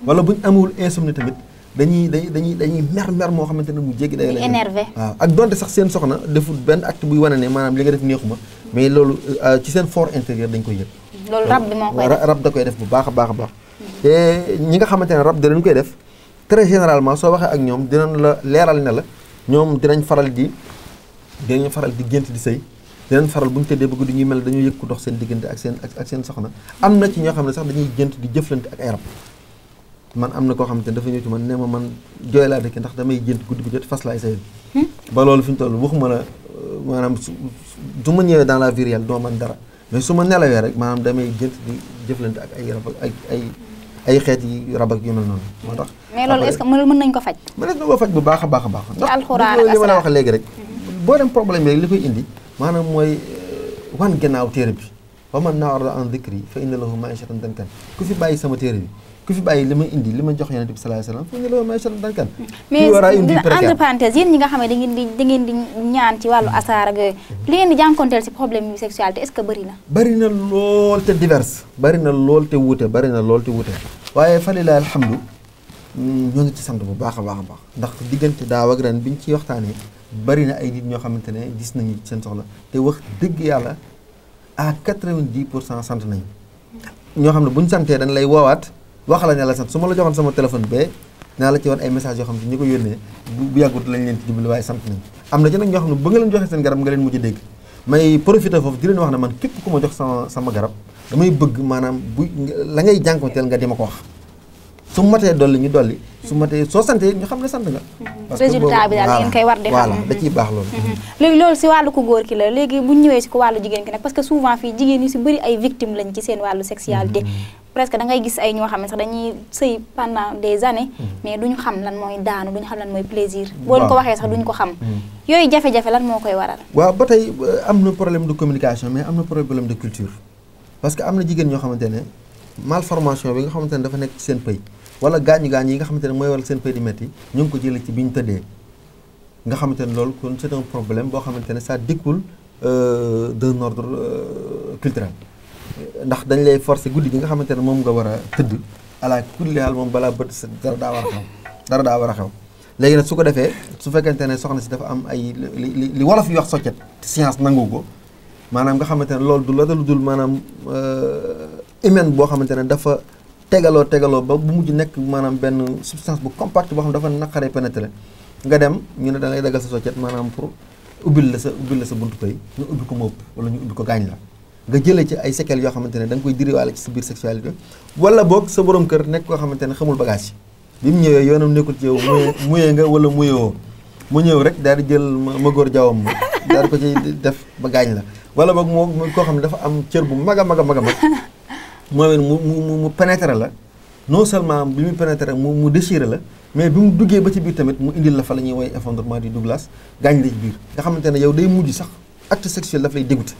bu amul insomnie tamit. dañuy dañuy dañuy dañuy mer mer moo xamante ne mu jéggi day énervé waaw ak donte sax seen soxna deful benn acte buy wane ne maanaam li nga def neexuma mais loolu euh, ci seen fort intérieur dañ koy yëg loolu rab bi moo da koy def bu baax a baax baax te ñi nga xamante ne rab da leen koy def très généralement soo waxee ak ñoom dinañ la leeral ne la ñoom dinañ faral di dinañ faral di gént di sëy dinañ faral bu ñu tëddee bëgg du ñuy mel dañoo yëkku ku dox seen diggante ak seen ak seen soxna am na ci ñoo xam ne sax dañuy gént di jëflante ak ay man am na koo xam ne dafa ñëw ci man ne ma man jooy laa dëkk ndax damay jënd guddi gu jot fas laay sayal hmm? ba loolu fi mu toll waxuma la euh, maanaam su su ma ñëwee dans la vie réelle doo man dara mais su ma nelawee rek maanaam damay jënd di jëflante ak ay rab ak ay ay xeet yi rab ak yu mel noonu moo tax mais loolu est-ce que mën nañ ko faj mënees na ko faj bu baax a baax a baax ndax li ma la wax léegi rek boo dem problème yi rek li koy indi maanaam mooy euh, wan gannaaw téere bi wa man a'rada an dhikri fa inna lahu ma'ishatan dankan ku fi bàyyi sama téere bi ku fi bàyyi li ma indi li ma jox yonent bi sallallahu alayhi wasallam fu ñu la woon macha allah dankan mais entre parenthèse yéen ñi nga xam ne da ngeen di da ngeen di ñaan ci wàllu asaar ak yooyu li ngeen di jànkonteel si problème yu sexualité est-ce que bëri na bëri na lool te divers bëri na lool te wuute bëri na lool te wuute waaye falilaa alhamdu mm, ñoo ngi ci sant bu baax a baax a baax ndax diggante daaw ak ren biñ ciy waxtaanee bëri na ay nit ñoo xamante ne gis nañu seen soxla te wax dëgg yàlla à 90 pour cent sant nañu ñoo xam ne buñ santee dañ lay woowaat wax la ne la sant su ma la joxoon sama téléphone bee naa la ci woon ay message yoo xam ne ñi ko yónnee bu yàggut lañ leen ci jublu waaye sant nañ am na ci nag ñoo xam ne ba nga leen joxee seen garab nga leen mujj dégg may profité foofu di leen wax ne man képp ku ma jox sama sama garab damay bëgg maanaam bu la ngay jànkuwanteel nga di ma ko wax su matee dolli ñu dolli su matee soo santee ñu xam ne sant nga résultat bi daal ngeen koy war di xam da ciy baax loolu mhm. léegi loolu si wàllu ku góor ki la léegi bu ñëwee si ko wàllu jigéen ki nag parce que souvent fii jigéen ñi si bëri ay victime lañ ci seen wàllu sexualité mhm. presque da ngay gis ay ñoo xam ne sax dañuy sëy pendant des années mhm. mais duñu xam lan mooy daanu duñu xam lan mooy plaisir boo leen ko waxee sax ñu ko xam yooyu jafe-jafe lan moo koy waral waaw ba tey euh, am na problème de communication mais am na problème de culture parce que am na jigéen ñoo xamante ne malformation bi nga xamante ne dafa nekk seen pays wala gaañu-gaañu yi nga xamante ne mooy waral seen périmètre yi ñu ngi ko jëlee ci bi ñu tëddee nga xamante ne loolu kon c'est un problème boo xamante ne ça découle euh, d'un ordre euh, culturel ndax dañ lay forcer guddi gi nga xamante ne moom nga war a tëdd ala kulli haal moom balaa bët sa dara daa war a xew dara daa war a xew léegi nag su ko defee su fekkente ne soxna si dafa am ay li li wolof yi wax soccet science nangu ko maanaam nga xamante ne loolu du la dul maanaam euh, humaine boo xamante ne dafa tegaloo tegaloo ba bu mujj nekk maanaam benn substance bu compacte boo xam dafa naqaree pénétrer nga dem ñu ne da ngay dagal sa soccet maanaam pour ubbil la sa ubbil la sa buntu pay ñu ubbi ko mopp wala ñu ubbi ko gaañ la nga jëlee ci ay séquelles yoo xamante ne da koy diriwaale ci sa biir sexualité wala boog sa borom kër nekk koo xamante ne xamul bagage yi bi mu ñëwee yoonam nekkul ci yow muyee muyee nga wala muyewoo mu ñëw rek daal di jël ma góor jawam daal di ko ci def ba la wala boog moo koo xam ne dafa am cër bu mag a mag a mag a mooy mu mu mu pénétrer la non seulement bi muy pénétrer mu mu déchirer la mais bi mu duggee ba ci biir tamit mu indil la fa la ñuy woy effondrement du Douglas gaañ la biir nga xamante ne yow day mujj sax acte sexuel daf lay dégoûté.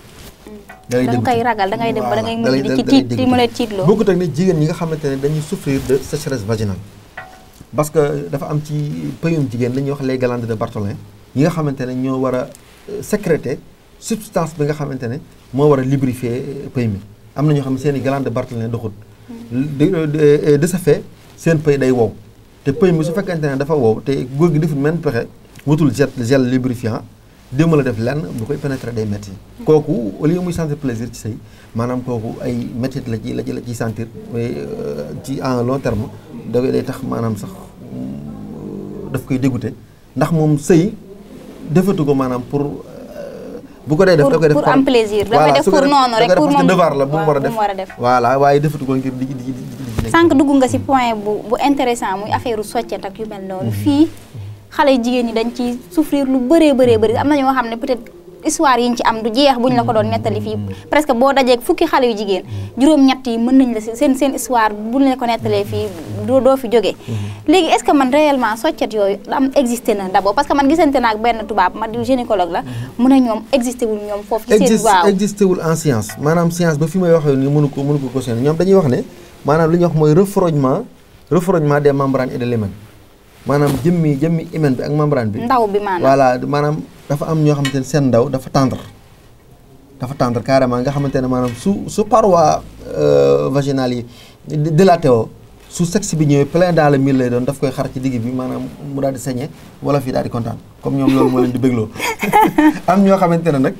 da lay dégoûté da di ci tiit di mën a bokkut ak ne jigéen ñi nga xamante ne dañuy souffrir de sécheresse vaginale. parce que dafa am ci peyum jigéen la wax les glandes de Bartholin ñi nga xamante ne ñoo war a euh, sécréter substance bi nga xamante ne moo war a lubrifier euh, pey mi. am na ñoo xam ne seen i glande Barthélémy doxut euh, de ce fait seen pëy day wow te pëy mi su fekkente ne dafa wow te góor gi defut men pexe wutul jet gel lubrifiant déma la def lenn bu koy pénétrer day métti kooku au lieu muy sentir plaisir ci sëy maanaam kooku ay métit la ci la ci la ciy sentir euh, ci en long terme da tax maanaam sax euh, daf koy dégoûté ndax moom sëy defatu ko maanaam pour bu ko dee def da koy def pour am plaisir. dafay def pour noonu rek pour moom devoir bu mu war a def voilà waaye defatu ko ngir di di di di. dugg nga si point bu intéressant muy affaire soccet ak yu mel noonu. fii xale jigéen ñi dañ ci souffrir lu bëree bëree bëri am na ñoo xam ne peut-être histoire yi ñu ci am du jeex buñ la ko doon nettali fii mm. presque boo dajee fukki xale yu jigéen mm. juróom-ñett yi mën nañ la seen seen histoire buñ la ko nettalee fii doo fi jógee mm-hmm. léegi est-ce que man réellement soccet yooyu am existé na d'abord parce que man gisante naa ak benn tubaab ma di gynécologue la mm-hmm. mu ne ñoom existé wul ñoom foofu ci seen waaw existé en science maanaam science ba fi may waxee nii mënu ko mënu ko cautionné ñoom dañuy bi ak dafa am ñoo xamante ne seen ndaw dafa tendre dafa tendre carrément nga xamante ne maanaam su su paroi euh, vaginale yi dilaté woo su sexe bi ñëwee plein dans le lay doon daf koy xar ci digg bi maanaam mu daal di sañe wala fii daal di kontaan comme ñoom loolu moo leen di bégloo am ñoo xamante ne nag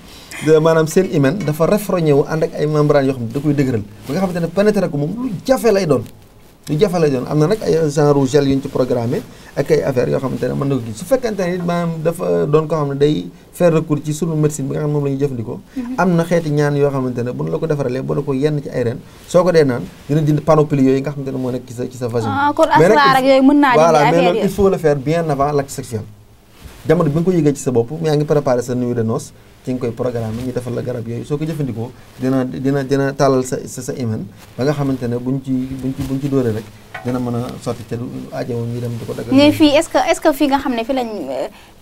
maanaam seen hymen dafa refroñé wu ànd ak ay membranes yoo xam ne da koy dëgëral ba nga xamante ne pénétrer ko moom lu jafe lay doon lu jafe la doon am na nag ay genre gel yu ci programmé ak ay affaires yoo xamante ne mën na ko gis su fekkante ne it maanaam dafa doon koo xam ne day faire recours ci sunu médecine nga xam ne moom la jëfandikoo mhm. am na xeeti ñaan yoo xamante ne bu ñu la ko defaralee boo la ko yenn ci ay ren soo ko dee naan dina dindi panoplie yooyu nga xamante ne moo nekk ci sa ci sa vagin ah, voilà mais loolu il faut le faire bien bi nga ko yëgee ci sa bopp yaa ngi préparé sa ci nga koy programme ñu defal la garab yooyu soo ko jëfandikoo dina dina dina tàllal sa sa sa ba nga xamante ne buñ ci buñ ci ci dóoree rek dina mën a sotti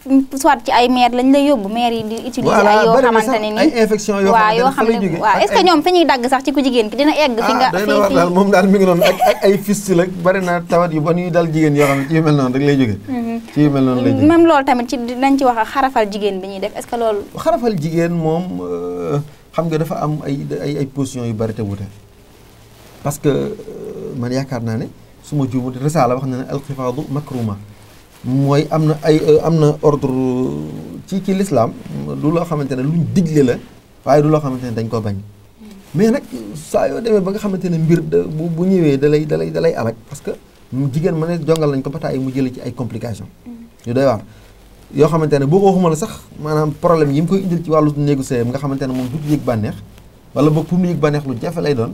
euh, ci ay maire lañ lay yóbbu maire yi di utiliser ay yoo xam ne waaw ñoom fi ñuy dagg sax ci ku jigéen ki dina egg fi nga ah, fi daal moom daal mi ngi noonu ak ay fistule ak bari na tawat yu bon yu dal jigéen yoo xam ne ci yu mel noonu rek lay jóge mm-hmm. ci yu mel noonu lay jóge même loolu tamit ci dañ ci wax xarafal jigéen bi ñuy def est-ce woyofal jigéen moom euh, xam nga dafa am ay ay ay positions yu bari te wute parce que euh, man yaakaar naa ne su ma juumut risaala wax na ne alxifaadu makruma mooy am na ay euh, am na ordre ci ci lislaam du loo xamante ne luñ digle la waaye du loo xamante ne dañ ko bañ mais nag saa yoo demee ba nga xamante ne mbir bu bu ñëwee dalay dalay dalay alak parce que jigéen ma ne jongal nañ ko ba mu jëlee ci ay complications. ñu mm-hmm. doy waar yoo xamante ne boo ko waxuma la sax maanaam problème yi mu koy indil ci wàllu néegu sëyam nga xamante ne moom du yëg bànneex wala boog pour mu yëg bànneex lu jafe lay doon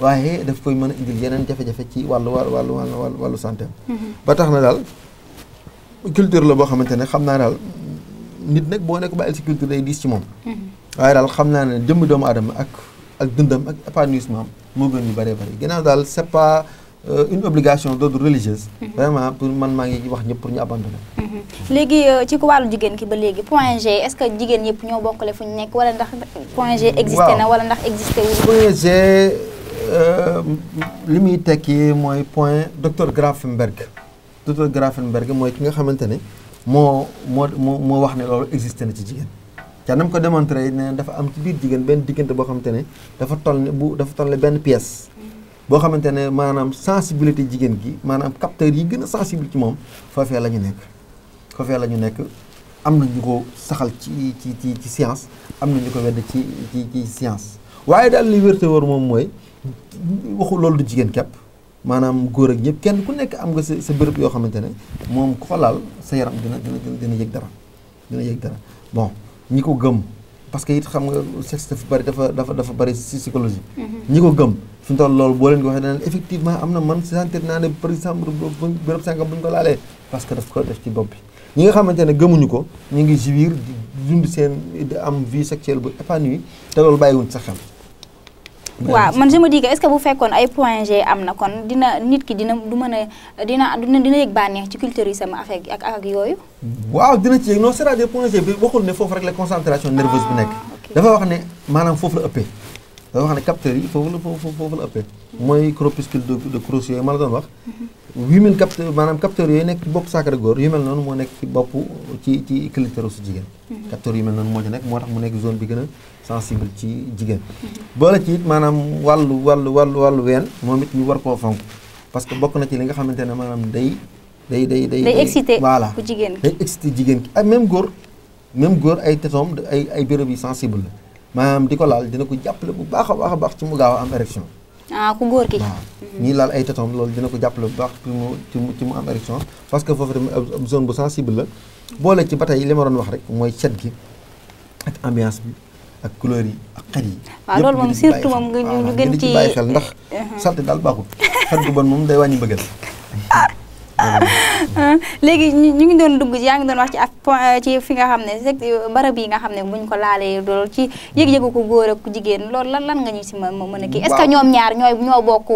waaye daf koy mën a indil yeneen jafe-jafe ci wàllu wàllu wàllu wàllu wàllu santé mm-hmm. ba tax na daal culture la boo xamante ne xam naa daal nit nag boo nekk bàyyil si culture day diis ci moom mm-hmm. waaye daal xam naa ne jëmm doomu aadama ak ak dundam ak épanouissement am moo gën ñu bëree bëri ginnaaw daal c'est pas Euh, une obligation d'ordre religieuse. vraiment pour man maa ngi wax ñëpp pour ñu abandonné. Mhm. léegi euh, ci ko wàllu jigéen ki ba léegi point G est-ce que jigéen ñëpp ñoo bokkale fu ñu nekk wala ndax point G. existé na wala ndax existé wu. point euh, li muy tekki mooy point docteur Grafenberg docteur Grafenberg mooy ki nga xamante ne moo moo moo wax ne loolu existé na ci jigéen. ca nam ko démontré ne dafa am ci biir jigéen benn diggante boo xamante ne dafa toll ne bu dafa toll ne benn pièce. boo xamante ne maanaam sensibilité jigéen gi maanaam capteurs yi gën a sensible ci moom foofee la ñu nekk foofee la ñu nekk am na ñu ko saxal ci ci ci ci science am na ñu ko wedd ci ci ci science waaye daal li wérte war moom mooy waxu loolu du jigéen képp maanaam góor ak ñëpp kenn ku nekk am nga sa sa bërëb yoo xamante ne moom ko laal sa yaram dina dina dina yëg dara dina yëg dara bon ñi ko gëm parce que it xam nga sexe fu bari dafa dafa dafa bari psychologie mm-hmm. ñi suñu toll loolu boo leen ko waxee danaan effectivement am na man sentir naa ne par exemple bu ñu ko laalee parce que daf ko def ci bopp bi ñi nga xamante ne gëmuñu ko ñu ngi jouir di dund seen di am vie sexuelle bu épanouie te loolu bàyyiwuñ sa xel waaw man je me dis que est-ce que bu fekkoon ay point G am na kon dina nit ki dina du mën a dina dina dina yëg bànneex ci culturisme avec ak ak yooyu. waaw dina ci yëg non c'est-à-dire point bi waxul ne foofu rek la concentration nerveuse bi ah, nekk. dafa wax ne maanaam foofu la ëppee. da wax ne capteurs yi foofu la foofu foofu la ëppee. mooy corpuscule de de Croce yooyu ma la doon wax. 8000 capteurs maanaam capteurs yooyu nekk ci bopp sacré góor yu mel noonu moo nekk ci bopp ci ci clitoris jigéen. Mhm. capteurs yu mel noonu moo ci nekk moo tax mu nekk zone bi gën a sensible ci jigéen. boole ci it maanaam wàllu wàllu wàllu wàllu ween moom it ñu war koo fonk parce que bokk na ci li nga xamante ne maanaam day. day day day day excité voilà day excité jigéen ki ak même góor même góor ay tetoom ay ay béréb yi sensible maanaam di ko laal dina ko jàppale bu baax a baax a baax ci mu gaaw a am érection. ah ku góor ki. waaw laal ay tétons loolu dina ko jàppale bu baax ci mu ci mu am érection parce que foofu tamit ab zone bu sensible la. boole ci ba tey li ma doon wax rek mooy set gi ak ambiance bi ak couleur yi ak xet yi. waaw loolu moom surtout moom nga ñu gën ci bàyyi xel ndax. Uh-huh. salte daal baaxul xet gu bon moom day wàññi bëggal. Ah. Euh, léegi ñu ngi doon dugg yaa ngi doon wax ci ak euh, ci fi nga xam ne euh, barab yi nga xam ne buñ ko laalee loolu ci yëg-yëgu ku góor ak ku jigéen loolu lan lan nga ñu si mën mën a kii est-ce ñaar ñooy ñoo bokk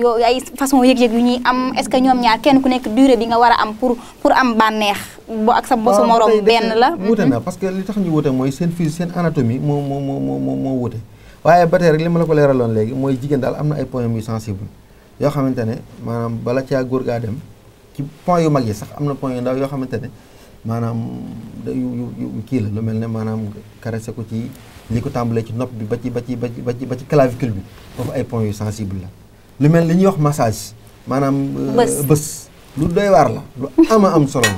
yoo ay façon yëg-yëg yu ñuy am est-ce que ñoom nekk durée bi nga war am pour pour am bànneex bo ak sa bosu morom benn la wuute na mhm. parce que li tax ñu wuute mooy seen fii seen anatomie moo moo moo moo moo wuute waaye ba tey rek li ma la ko leeraloon léegi mooy jigéen daal am na ay points yu sensible yoo xamante ne maanaam bala caa góor gaa dem ci point yu mag yi sax am na point yu ndaw yoo xamante ne maanaam kii la lu mel ni maanaam caressé ko ci li ko tàmbalee ci nopp bi ba ci ba ci ba ci ba ci clavicule bi foofu ay point yu sensible la lu mel li ñuy wax massage maanaam euh, bës lu doy waar la lu ama am solo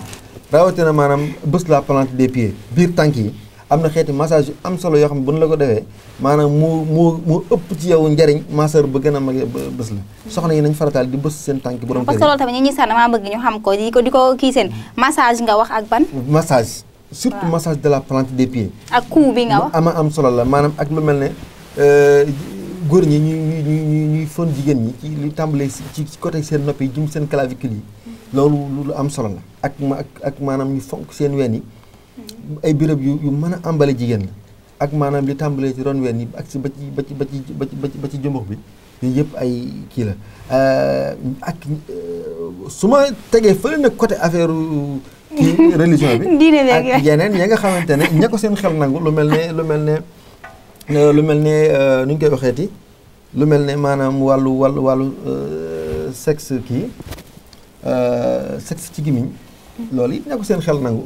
rawatina maanaam bés la plante des pie biir tànk yi am na xeeti massage yu am solo yoo xam ne bu ñu la ko defee maanaam moo moo moo ëpp ci yow njariñ masseur ba gën a mag bés la soxna yi nañ farataal di bës seen tànk borom kër yi parce que loolu tamit ñi xam ko ko ko kii seen massage nga wax ak ban massage surtout massage de la plante des ak coup bi am solo la maanaam ak lu mel ne euh, góor ñi ñuy ñuy ñuy ñuy fon jigéen ñi ci li tàmbalee ci côté seen nopp yi yi loolu lu am solo la ak ak ak maanaam ñu fonk seen ween yi ay béréb yu yu mën a àmbale jigéen la ak maanaam li tàmbalee ci ron ween yi ak si ba ci ba ci ba ba ci ba ci jëmbux bi yëpp ay kii la euh, ak euh, su ma tegee fële nag côté affaire kii religion bi diine ak yeneen ya nga xamante ne ña ko seen xel nangu lu mel ne lu mel ne euh, lu mel ne nu ñu koy waxeeti lu mel ne maanaam wàllu wàllu wàllu sexe kii sexe ci gimiñ mm. loolu it ña ko seen xel nangu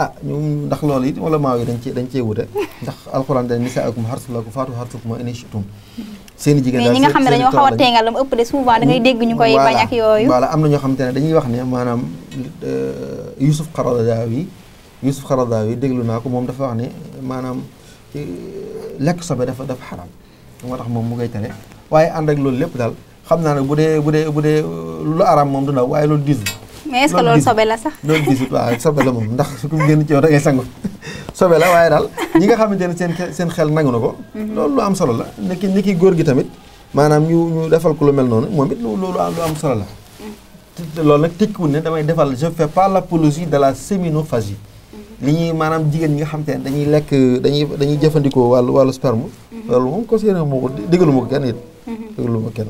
ah ñu ndax loolu it wala maaw yi dañ cee dañ cee wute ndax alxuraan dañ nisaa'ukum harsun lakum faatu harsakum in shi'tum seen i jigéen ñi nga xam ne dañoo xaw a teengal mu ëpp de souvent da ngay dégg ñu koy bañ ak yooyu voilà am na ñoo xam te ne dañuy wax ne maanaam euh, Yusuf Qaradawi Yusuf Qaradawi déglu naa ko moom dafa wax ne maanaam euh, lekk sobe dafa dafa xaram moo tax moom mu koy tere waaye ànd ak loolu lépp daal xam naa ne bu dee bu dee bu dee euh, lu araam moom du ndaw waaye loolu diisul mais est ce que loolu sobe la sax. loolu gisul waaw sobe la moom ndax su ko génn ci yow da ngay sangu sobe la waaye daal ñi nga xamante ne seen seen xel nangu na ko. loolu lu am solo la nekki nekki góor gi tamit maanaam ñu ñu defal ko lu noonu moom it loolu am lu am solo la. loolu nag tekkiwul ne damay defal je par la l'apologie de la séminophagie. Mhm. li ñuy maanaam jigéen ñi nga xam te ne dañuy lekk dañuy dañuy jëfandikoo wàllu wàllu sperme. Mhm. loolu moom considéré moo ko déggalu ma ko kenn it. déglu ma kenn.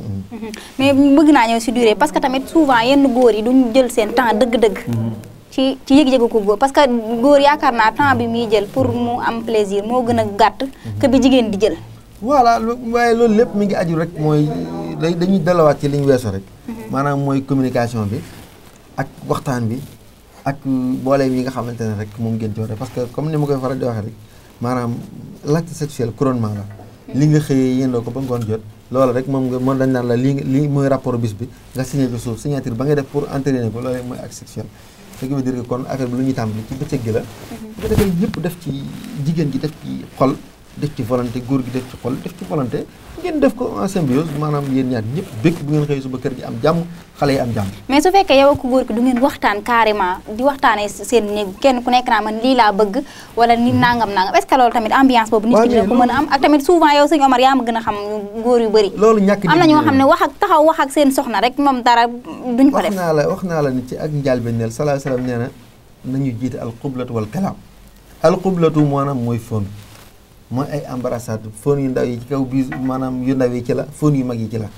mais bëgg naa ñëw si durée parce que tamit souvent yenn góor yi duñ jël seen temps dëgg-dëgg. Mhm. ci ci yëg-yëgu ko góor parce que góor yaakaar naa temps bi muy jël pour mu am plaisir moo gën a gàtt. Mhm. que bi jigéen di jël. voilà waaye loolu lépp mi ngi aju rek mooy dañuy dalawaat ci li ñu weesoo rek. Mhm. maanaam mooy communication bi ak waxtaan bi ak boole yi nga xamante ne rek moom ngeen ci war parce que comme ni ma koy faral di waxee rek maanaam l'acte sexuel couronnement la. li nga xëyee yéen ko ba ngoon jot loolu rek moom nga moom dañ naan la li li mooy rapport bis bi nga signé suuf signature ba ngay def pour entériner ko loolu mooy ak section ce qui veut kon affaire bi lu ñuy tàmbali ci bëccëg gi la nga mhm. defee ñëpp def ci jigéen ji def ci xol def ci volonté góor gi def ci xol def ci volonté ngeen def ko en symbiose maanaam yéen ñaar ñëpp bëgg bu ngeen xëy suba kër gi am jàmm xale yi am jàmm. mais su fekkee yow ak góor gi du ngeen waxtaan carrément di waxtaanee seen néeg kenn ku nekk naa man lii laa bëgg wala ni nangam nangam est-ce que loolu tamit ambiance boobu. nit ki dina ko mën a am ak tamit souvent yow sëñ Omar yaa ma gën a xam góor yu bëri. loolu ñàkk am na ñoo xam ne wax taxaw wax ak seen soxna rek moom dara duñ ko def. wax la wax naa la ni ci ak njàlbéeneel salaasalaam nee na nañu jiite alqublatu wal kalaam alqublatu maanaam mooy fond mooy ay embrassade fóon yu ndaw yi ci kaw maanaam yu ndaw yi ci la fóon yu mag yi ci la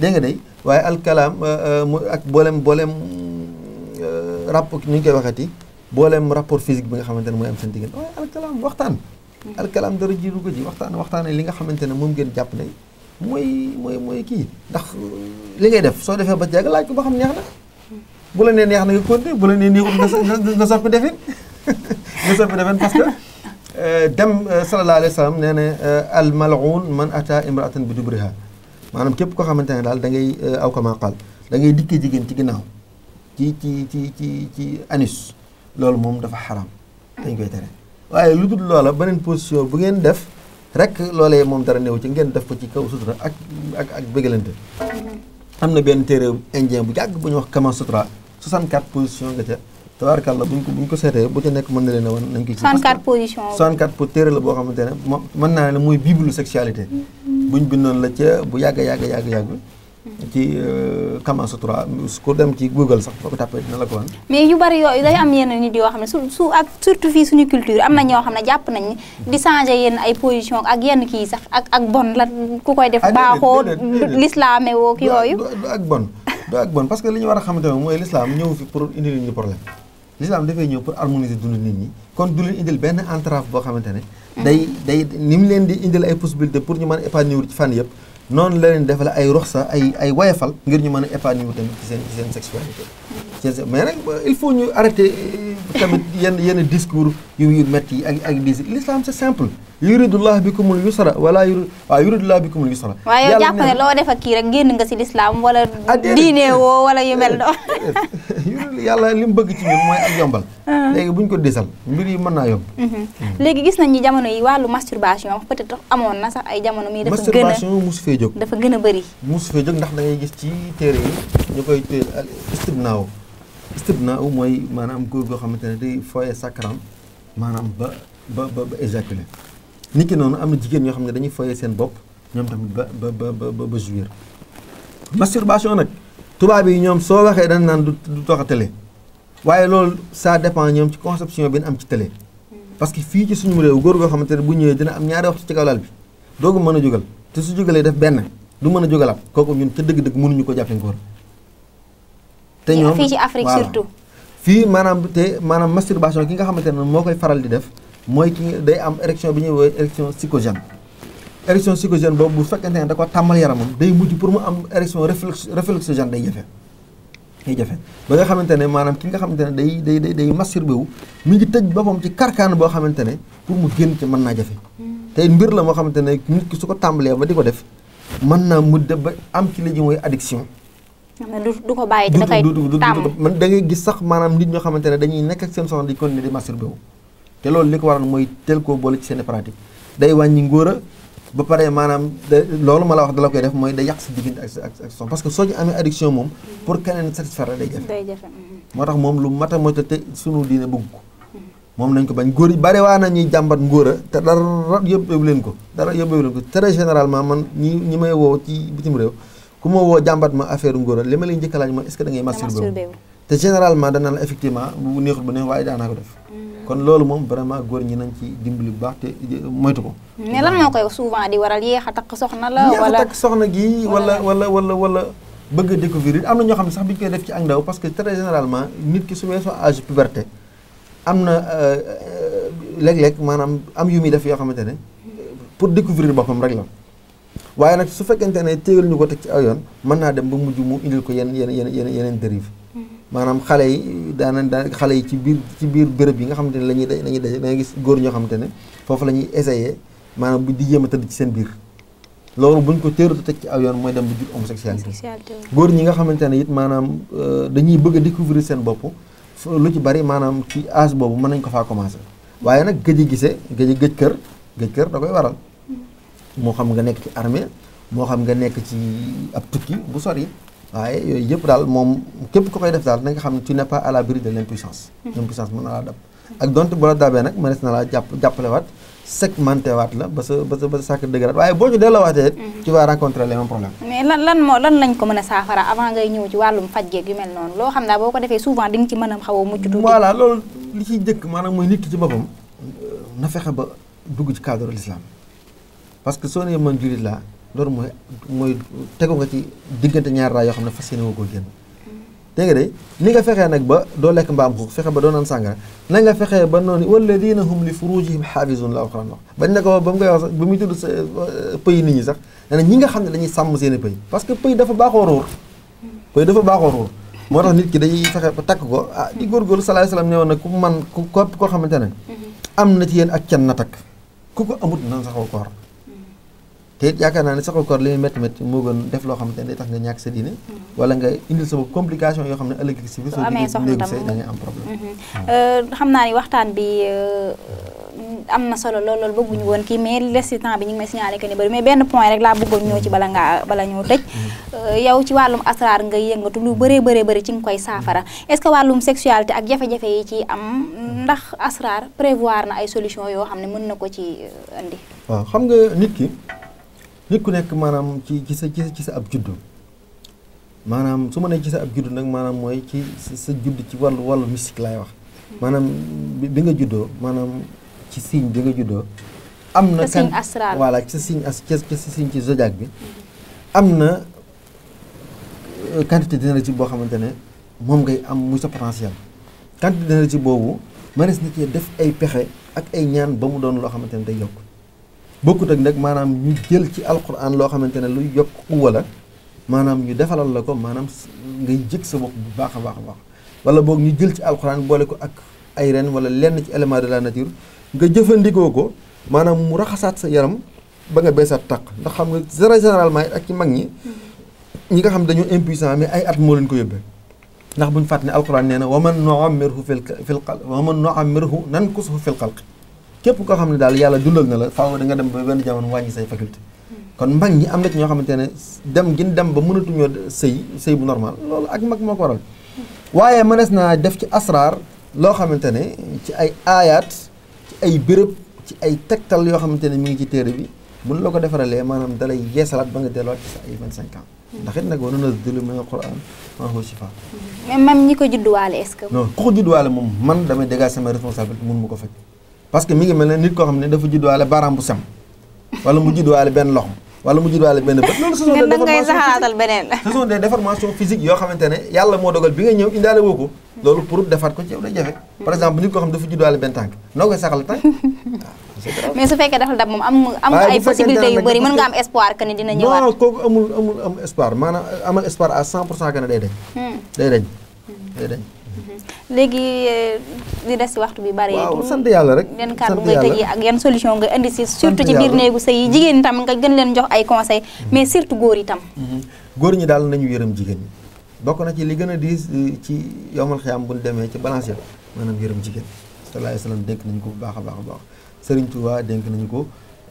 dégg nga day waaye alkalaam euh, euh, mu ak boolem boolem euh, rapport ni ñu koy waxati boolem rapport physique bi nga xamante ne mooy am seen diggante waaye alkalaam waxtaan hmm. alkalaam dara jiiru ko ci waxtaan waxtaane li nga xamante ne moom ngeen jàpp ne mooy mooy mooy kii ndax li ngay def soo defee ba jàgg laaj ko ba xam neex na bu la nee neex na nga continuer bu la nee neexul nga soppi defin nga soppi defin parce que dem euh, sallallahu alayhi wa sallam nee na euh, al mal'un man ata imraatan bi dubriha maanaam képp koo xamante ne daal da ngay euh, aw kama qaal da ngay dikkee jigéen ci ginnaaw ci ci ci ci ci anus loolu moom dafa xaram dañ koy tere waaye lu dul loola beneen position bu ngeen def rek loolee moom dara néew ci ngeen def ko ci kaw sutura ak ak ak bëggalante mhm. am na benn téere indien bu jàgg bu ñu wax kama sutra 64 position nga ca tabaarkàlla la bu buñ ko seetee bu ca nekk mën na leen a wan nañ ko 64 position 64 pour moom mën naa ne mooy bible sexualité buñ bindoon la ca bu yàgg yàgg yàgg yàgg ci Kama Sutra ku dem ci Google sax boo ko tàppee dina la ko wan mais yu bari yooyu day am yenn nit yoo xam ne su su ak surtout fii suñu culture am na ñoo xam ne jàpp nañ di changer yenn ay position ak yenn kii sax ak ak bon la ku koy def ah, baaxoo lislaame woog yooyu du ak bon du ak bon parce que li ñu war a xamante ne mooy lislaam ñëw fi pour indi li problème l'islam dafay ñëw pour harmoniser dund nit ñi kon du leen benn entrave boo xamante ne mm-hmm. day day ni mu leen di indil ay possibilité pour ñu mën a épanouir ci fànn yëpp noonu la leen defal ay roxsa ay ay wayafal ngir ñu mën a épanouir tamit ci seen ci seen sexualité mm-hmm. mais nag il faut ñu arrêter euh, tamit yenn yenn discours yu yu métti yi ak ak diis l'islam c'est simple yuridullah bikumul yusra wala yuri waaw ah, yuridullah bikumul yusra. waaw yow jàpp ne loo def ak kii rek génn nga si lislaam wala. Ah, diine woo wala yu mel noonu. yàlla li bëgg ci ñun mooy ak yombal. Ah. léegi bu ñu ko desal mbir yi mën naa yomb. Mhm. Hmm. léegi gis nañu jamono yi wàllu masturbation peut-être amoon na sax ay jamono. mi dafa gën a masturbation musu fee jóg. dafa gën a bëri. musu fee jóg ndax da ngay gis ci téere yi ñu koy istibnaaw istibnaaw mooy maanaam góor goo xamante ne day fooyee sakaram maanaam ba nit ki noonu am na jigéen ñoo xam ne dañuy foyee seen bopp ñoom tamit ba ba ba ba ba jouir masturbation nag tubaab yi ñoom soo waxee dañ naan du du tox a télé waaye loolu ça dépend ñoom ci conception bi ñu am ci télé parce que fii ci suñu réew góor goo xamante ne bu ñëwee dina am ñaari waxtu ci kaw lal bi doogu mën a jógal te su jógalee def benn du mën a jógalaat kooku ñun ca dëgg-dëgg mënuñu ko jàppee ngóor te ñoom fii ci Afrique surtout fii maanaam te maanaam masturbation ki nga xamante ne moo koy faral di def mooy ki day am érection bi ñuy woowee érection psychogène érection psychogène boobu bu fekkente ne da ko tàmmal yaramam day mujj pour mu am érection réflexe réflexogène day jafe day jafe ba nga xamante ne maanaam ki nga xamante ne day day day day masturbé wu mi ngi tëj moom ci karkaan boo xamante ne pour mu génn ci mën naa jafe hmm. tey mbir la moo xamante ne nit ki su ko tàmbalee ba di ko def man naa mujj ba am ci li ñuy woowee addiction du ko bàyyi da koy ñoo xamante ne dañuy nekk ak seen soxna di continuer te loolu li ko waral mooy tel koo boole ci seen pratique day wàññi ngóora ba pare maanaam de loolu ma la wax dala koy def mooy day yàq sa diggante ak ak parce que soo ci amee addiction moom pour keneen satisfaire day jafe mm-hmm. moo tax moom lu mat a moytu te sunu diine bëgg ko moom nañ ko bañ góor yi bari waa na ñuy jàmbat ngóora te dara yóbbeewu leen ko dara yóbbeewu leen ko très généralement man ñi ñi may woo ci bitim réew ku ma woo jàmbat ma affaire ngóora li a laaj mooy est-ce que da ngay masturbé te généralement dana la effectivement bu neexul bu def mm. kon loolu moom vraiment góor ñi nañ ci dimbali bu baax te moytu ko. mais lan moo koy souvent di waral yéex a takk soxna la. wala yéex a soxna gi wala wala wala wala. bëgg a découvrir am na ñoo xam ne sax bi ñu koy def ci ak ndaw parce que très généralement nit ki su weesoo âge puberté am na euh, léeg-léeg maanaam am yu muy def yoo xamante ne pour découvrir boppam rek la. waaye nag su fekkente ne téyal ñu ko teg ci ay yoon mën naa dem ba mujj mu indil ko yenn yen yenn yeneen dérive maanaam xale yi daanañ daan xale yi ci biir ci biir bërëb yi nga xamante ni lañuy ñuy daje la ñuy daje da gis góor ñoo xamante ne foofu la ñuy essayé maanaam bu di ci seen biir loolu buñ ko téeru teg ci aw yoon mooy dem bu jur homosexualité góor ñi nga xamante ne it maanaam euh, dañuy bëgg a découvrir seen bopp lu ci bari maanaam ci âge boobu mën nañ ko faa commencé waaye nag gëj a gisee gëj a kër gëj kër da koy waral hmm. moo xam nga nekk ci armée moo xam nga nekk ci ab tukki bu sori waaye yooyu yëpp daal moom képp ko koy def daal na xam ne tu n'es pas à l'abri de l'impuissance mm-hmm. l'impuissance mën na laa dab ak donte bu la dabee nag mënees na laa jàppale waat segmenté waat la ba sa ba sa ba sa sàkk dëgëraat waaye boo ñu delloowaatee mm-hmm. tu vas rencontrer les mêmes problèmes mais lan lan moo a avant ngay ñëw ci wàllum faj loo xam daal boo ko defee souvent di nga ci mën a xaw a mucc tuuti voilà loolu li ciy jëkk maanaam mooy nit euh, fexe ba dugg ci cadre l'islam parce que soo nee laa loolu mooy mooy tegu nga ci diggante ñaari raa yoo xam ne fas yéene woo koo génn dégg nga de ni nga fexee nag ba doo lekk mbaam xuux fexe ba doo naan sàngara na nga fexee ba noonu walladina hum li furujihim xaafisun la alxuraan wax bañ na ko ba mu koy wax sax ba muy tudd sa euh, pëy nit ñi sax nee na ñi nga xam ne dañuy sàmm seen i parce que pëy dafa baaxoo ruur pëy dafa baaxoo ruur moo tax nit ki day fexe ba takk ko ah di góorgóorlu salaay salaam ñëwoon nag ku man ku képp koo xamante ne am na ci yéen ak can na takk ku ko amut nan saxoo koor te yaakaar naa ne saxul koor li muy métti métti moo gën def loo xamante ne day tax nga ñàkk sa diine wala nga indil sa bopp complication yoo xam ne ëllëg si biir soo néegu say da ngay mhm. euh, xam naa ni waxtaan bi euh, am na solo lool lool woon kii mais les si bi ñu ngi may signalé mais benn point rek laa bëggoon ñëw ci bala ngaa bala ñoo tëj euh, yow ci wàllum asraar nga yëngatu lu bëree bëree bëri ci nga koy saafara est-ce que wàllum sexualité ak jafe yi ci am ndax asraar prévoir na ay solution yoo xam ne mën na ko ci indi waaw xam nga nit ki nit ku nekk maanaam ci ci sa ci ab juddu maanaam su ma nee ci sa ab juddu nag maanaam mooy ci sa judd ci wàllu wàllu mystique laay wax maanaam bi nga juddoo maanaam ci signe bi nga juddoo am na kan voilà ci signe as ci sa signe ci zodiaque bi am na euh, quantité d'énergie boo xamante ne moom ngay am muy sa potentiel quantité d'énergie boobu mënees na cee def ay pexe ak ay ñaan ba mu doon loo xamante ne day yokk bokkut ak nag maanaam ñu jël ci alquran loo xamante ne lu yokk wala maanaam ñu defalal la ko maanaam ngay jëg sa bopp bu baax a baax baax wala boog ñu jël ci alquran boole ko ak ay ren wala lenn ci élément de la nature nga jëfandikoo ko maanaam mu raxasaat sa yaram ba nga beesaat taq ndax xam nga général généralement ak ci mag ñi ñi nga xam dañoo impuissant mais ay at moo leen ko yóbbee ndax buñu fàtt ni alquran nee na waman nuammirhu fil fil xalq waman nuammirhu nankusuhu fil xalq képp koo xam ne daal yàlla dundal na la faaw da nga dem ba benn jamono wàññi say faculté kon mag ñi am na ci ñoo xamante ne dem gin dem ba mënatuñoo sëy sëy bu normal loolu ak mag moo ko waral waaye mënees naa def ci asraar loo xamante ne ci ay aayaat ci ay béréb ci ay tegtal yoo xamante ne mu ngi ci téere bi buñ la ko defaralee maanaam dalay yeesalaat ba nga delluwaat ci sa ay 25 ans ndax it nag wa nunazzilu mina al-Qur'an ma huwa shifaa mais mam ñi ko judduwaale est-ce que. non ku ko judduwaale moom man damay dégager ko faj. parce que mi ngi mel ne nit ko xam ne dafa judduwaale baaraam bu sem wala mu judduwaale benn loxom wala mu judduwaale benn bët loolu ce sont des déformations physiques yoo xamante ne yàlla moo dogal bi nga ñëw indaale woo ko loolu pour defaat ko ci yow day jafe par exemple nit koo xam dafa judduwaale benn tànk noo koy saxal tànk mais su fekkee dafa dab moom am am ay possibilité yu bëri mën nga am espoir que ne dina ñëwaat kooku amul amul espoir maanaam day hmm. dañ Mhm. léegi eh, li des waxtu bi bari. waaw sant yàlla rek yan kàddu ngay tëjee ak yan solution nga indi si. surtout ci biir néegu sëy yi mhm. jigéen tam nga gën leen jox ay conseil mhm. mais surtout góor yi tam. góor ñi daal nañu yërëm jigéen ñi bokk na ci li gën a diis eh, ci yomal xiyaam bu ñu demee ci balance ya maanaam yërëm jigéen sallallahu alayhi wasallam dénk nañu ko bu baax a baax a baax Serigne Touba dénk nañu ko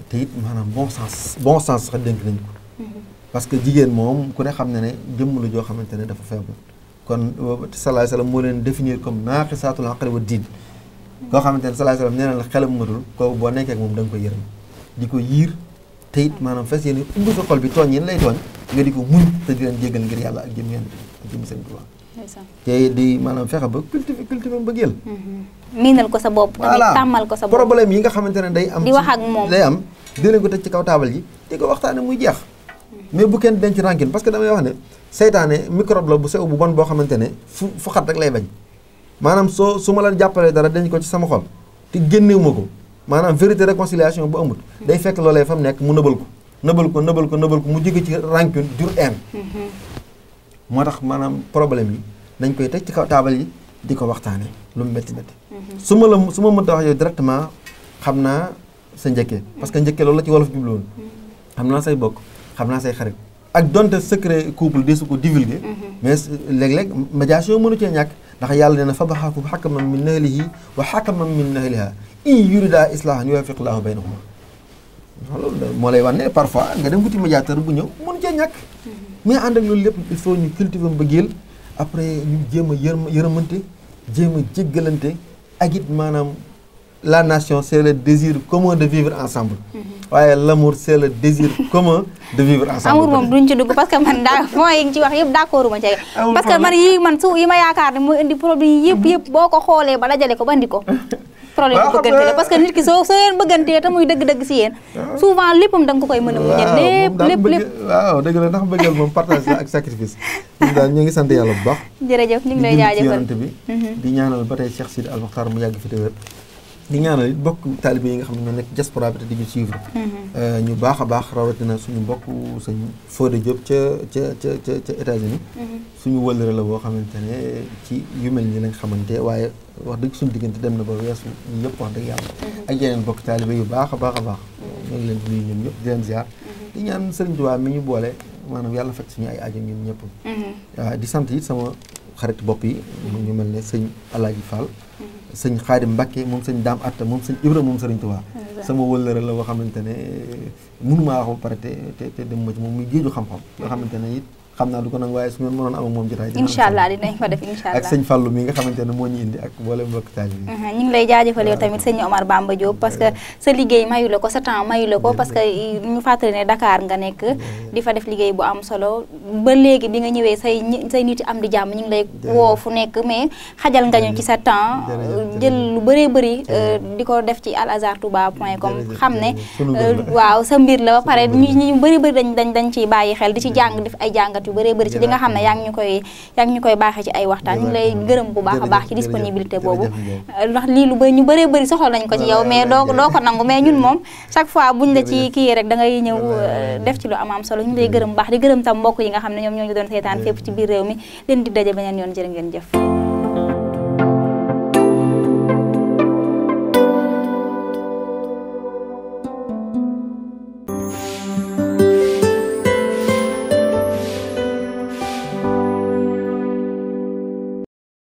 te it maanaam bon sens bon sens sax dénk ko. parce que jigéen moom ku ne xam ne ne jëmm la joo xamante ne dafa faible. kon salaay salaam moo leen définir comme naaqisaatul xaqli wa diin koo xamante ne salaay salaam la xelam matul kooku boo moom da nga ko di ko yiir te maanaam fas yéene ubbi sa xol bi tooñ yéen lay tooñ nga di ko muñ di leen jégal ngir yàlla ak jëm yéen ak jëm seen tubaab te di maanaam mm-hmm. ko sa bopp tamit yi nga xamante ne day am di wax ak moom day am di leen ko teg ci kaw taabal ji di ko waxtaane muy jeex mais bu kenn denc rancune parce que damay wax ne seytaane microbe la bu sew bu bon boo xamante ne fu fu xat rek lay bañ maanaam soo su ma la jàppalee dara denc ko ci sama xol te génnewu ko maanaam vérité réconciliation bu amut day fekk loolee fa mu nekk mu nëbal ko nëbal ko nëbal ko nëbal ko mu jóge ci rancune jur haine mm-hmm. moo tax maanaam problème yi dañ koy teg ci kaw taabal yi di ko waxtaane lu mu métti métti mm-hmm. su ma la su ma mënta wax yow directement xam naa sa njëkkee parce que njëkkee loolu la ci wolof jubloon mm-hmm. xam naa say bokk xam naa say xarit ak donte secret couple desu ko divulgué mhm. mais léeg-léeg médiation mënu cee ñàkk ndax yàlla nee na fa baxaaku xakaman min ahlihi wa xakaman min ahliha in yurida islahan yuwafiq laahu baynahuma loolu moo lay wan ne parfois nga dem wuti médiateur bu ñëw mënu cee ñàkk mhm. mais ànd ak loolu lépp il faut ñu cultiver mbëggeel après ñu jéem a yërmante jéem a jéggalante ak it maanaam la nation c'est le désir commun de vivre ensemble. waaye l'amour c'est le désir commun de vivre ensemble. amour moom duñ ci dugg parce que man daa point yi nga ci wax yëpp d'accord ma ci parce que man yi man su yi ma yaakaar ne mooy indi produit yëpp yëpp boo ko xoolee ba dajale ko ba indi ko. problème bu bëggante la parce que nit ki soo soo yéen bëggantee te muy dëgg-dëgg si yéen. souvent léppam da koy mën a muñal. lépp ngi sant yàlla bu baax. jërëjëf ñu ngi lay mhm. di di ñaanal bokk taalibe yi nga xam ne ñoo nekk diaspora te di ñu suivre. Mm-hmm. ñu baax a baax na suñu mbokk sëñ foode Diop ca ca ca ca ca états mm-hmm. suñu wëllëre la boo xamante ne ci yu mel ni lañ xamante waaye wax dëgg suñu diggante dem na ba weesu ñu yëpp wax dëgg yàlla. Mm-hmm. ak yeneen bokk taalibe yu baax a baax a baax. ñoo leen di nuyu ñoom ñëpp di leen ziar. di ñaan sëriñ Tuubaa mi ñu boole maanaam yàlla faj suñu ay aajo ñun ñëpp. di sant it sama xarit bopp yi. ñu mel ne sëñ Alaaji sëñ Xaadim Mbacke moom sëñ Daam Atta moom sëñ Ibra moom sëriñ Tuubaa sama wëllëre la boo xamante ne mënumaa wax ba pare te te dem ma ci moom muy géeju xam-xam yoo xamante ne it xam naa du ko nangu waaye su ngeen mënoon am ak moom jotaay incha allah dinañ ko def incha ak sëñ Fallou mi nga xamante ne moo ñu indi ak mboolem mbokk taal lay jaajëfal yow tamit sëñ Omar Bamba sa liggéey mayu la ko sa temps mayu la ko parce que ñu fàttali ne Dakar nga nekk di fa def liggéey bu am solo ba léegi bi nga ñëwee say say nit am di jàmm ñu ngi lay woo fu nekk mais xajal nga ñu ci sa temps euh, jël lu bëree bëri euh, di ko def ci al azhar touba point com xam ne euh, waaw sa mbir la ba pare ñu ñu bëri bëri dañ dañ dañ bàyyi xel di ci jàng def ay jàng jàngat yu bëree bëri ci li nga xam ne yaa ngi ñu koy yaa ñu koy baaxee ci ay waxtaan ñu ngi lay gërëm bu baax a baax ci disponibilité boobu ndax lii lu bëri ñu bëree bëri soxal nañ ko ci yow mais doo doo ko nangu mais ñun moom chaque fois buñ la ci kii rek da ngay ñëw euh, def ci lu am am solo ñu ngi lay gërëm baax di gërëm tam mbokk yi nga xam ne ñoom ñoo ñu doon seetaan fépp ci biir réew mi leen di daje beneen yoon jërë ngeen jëf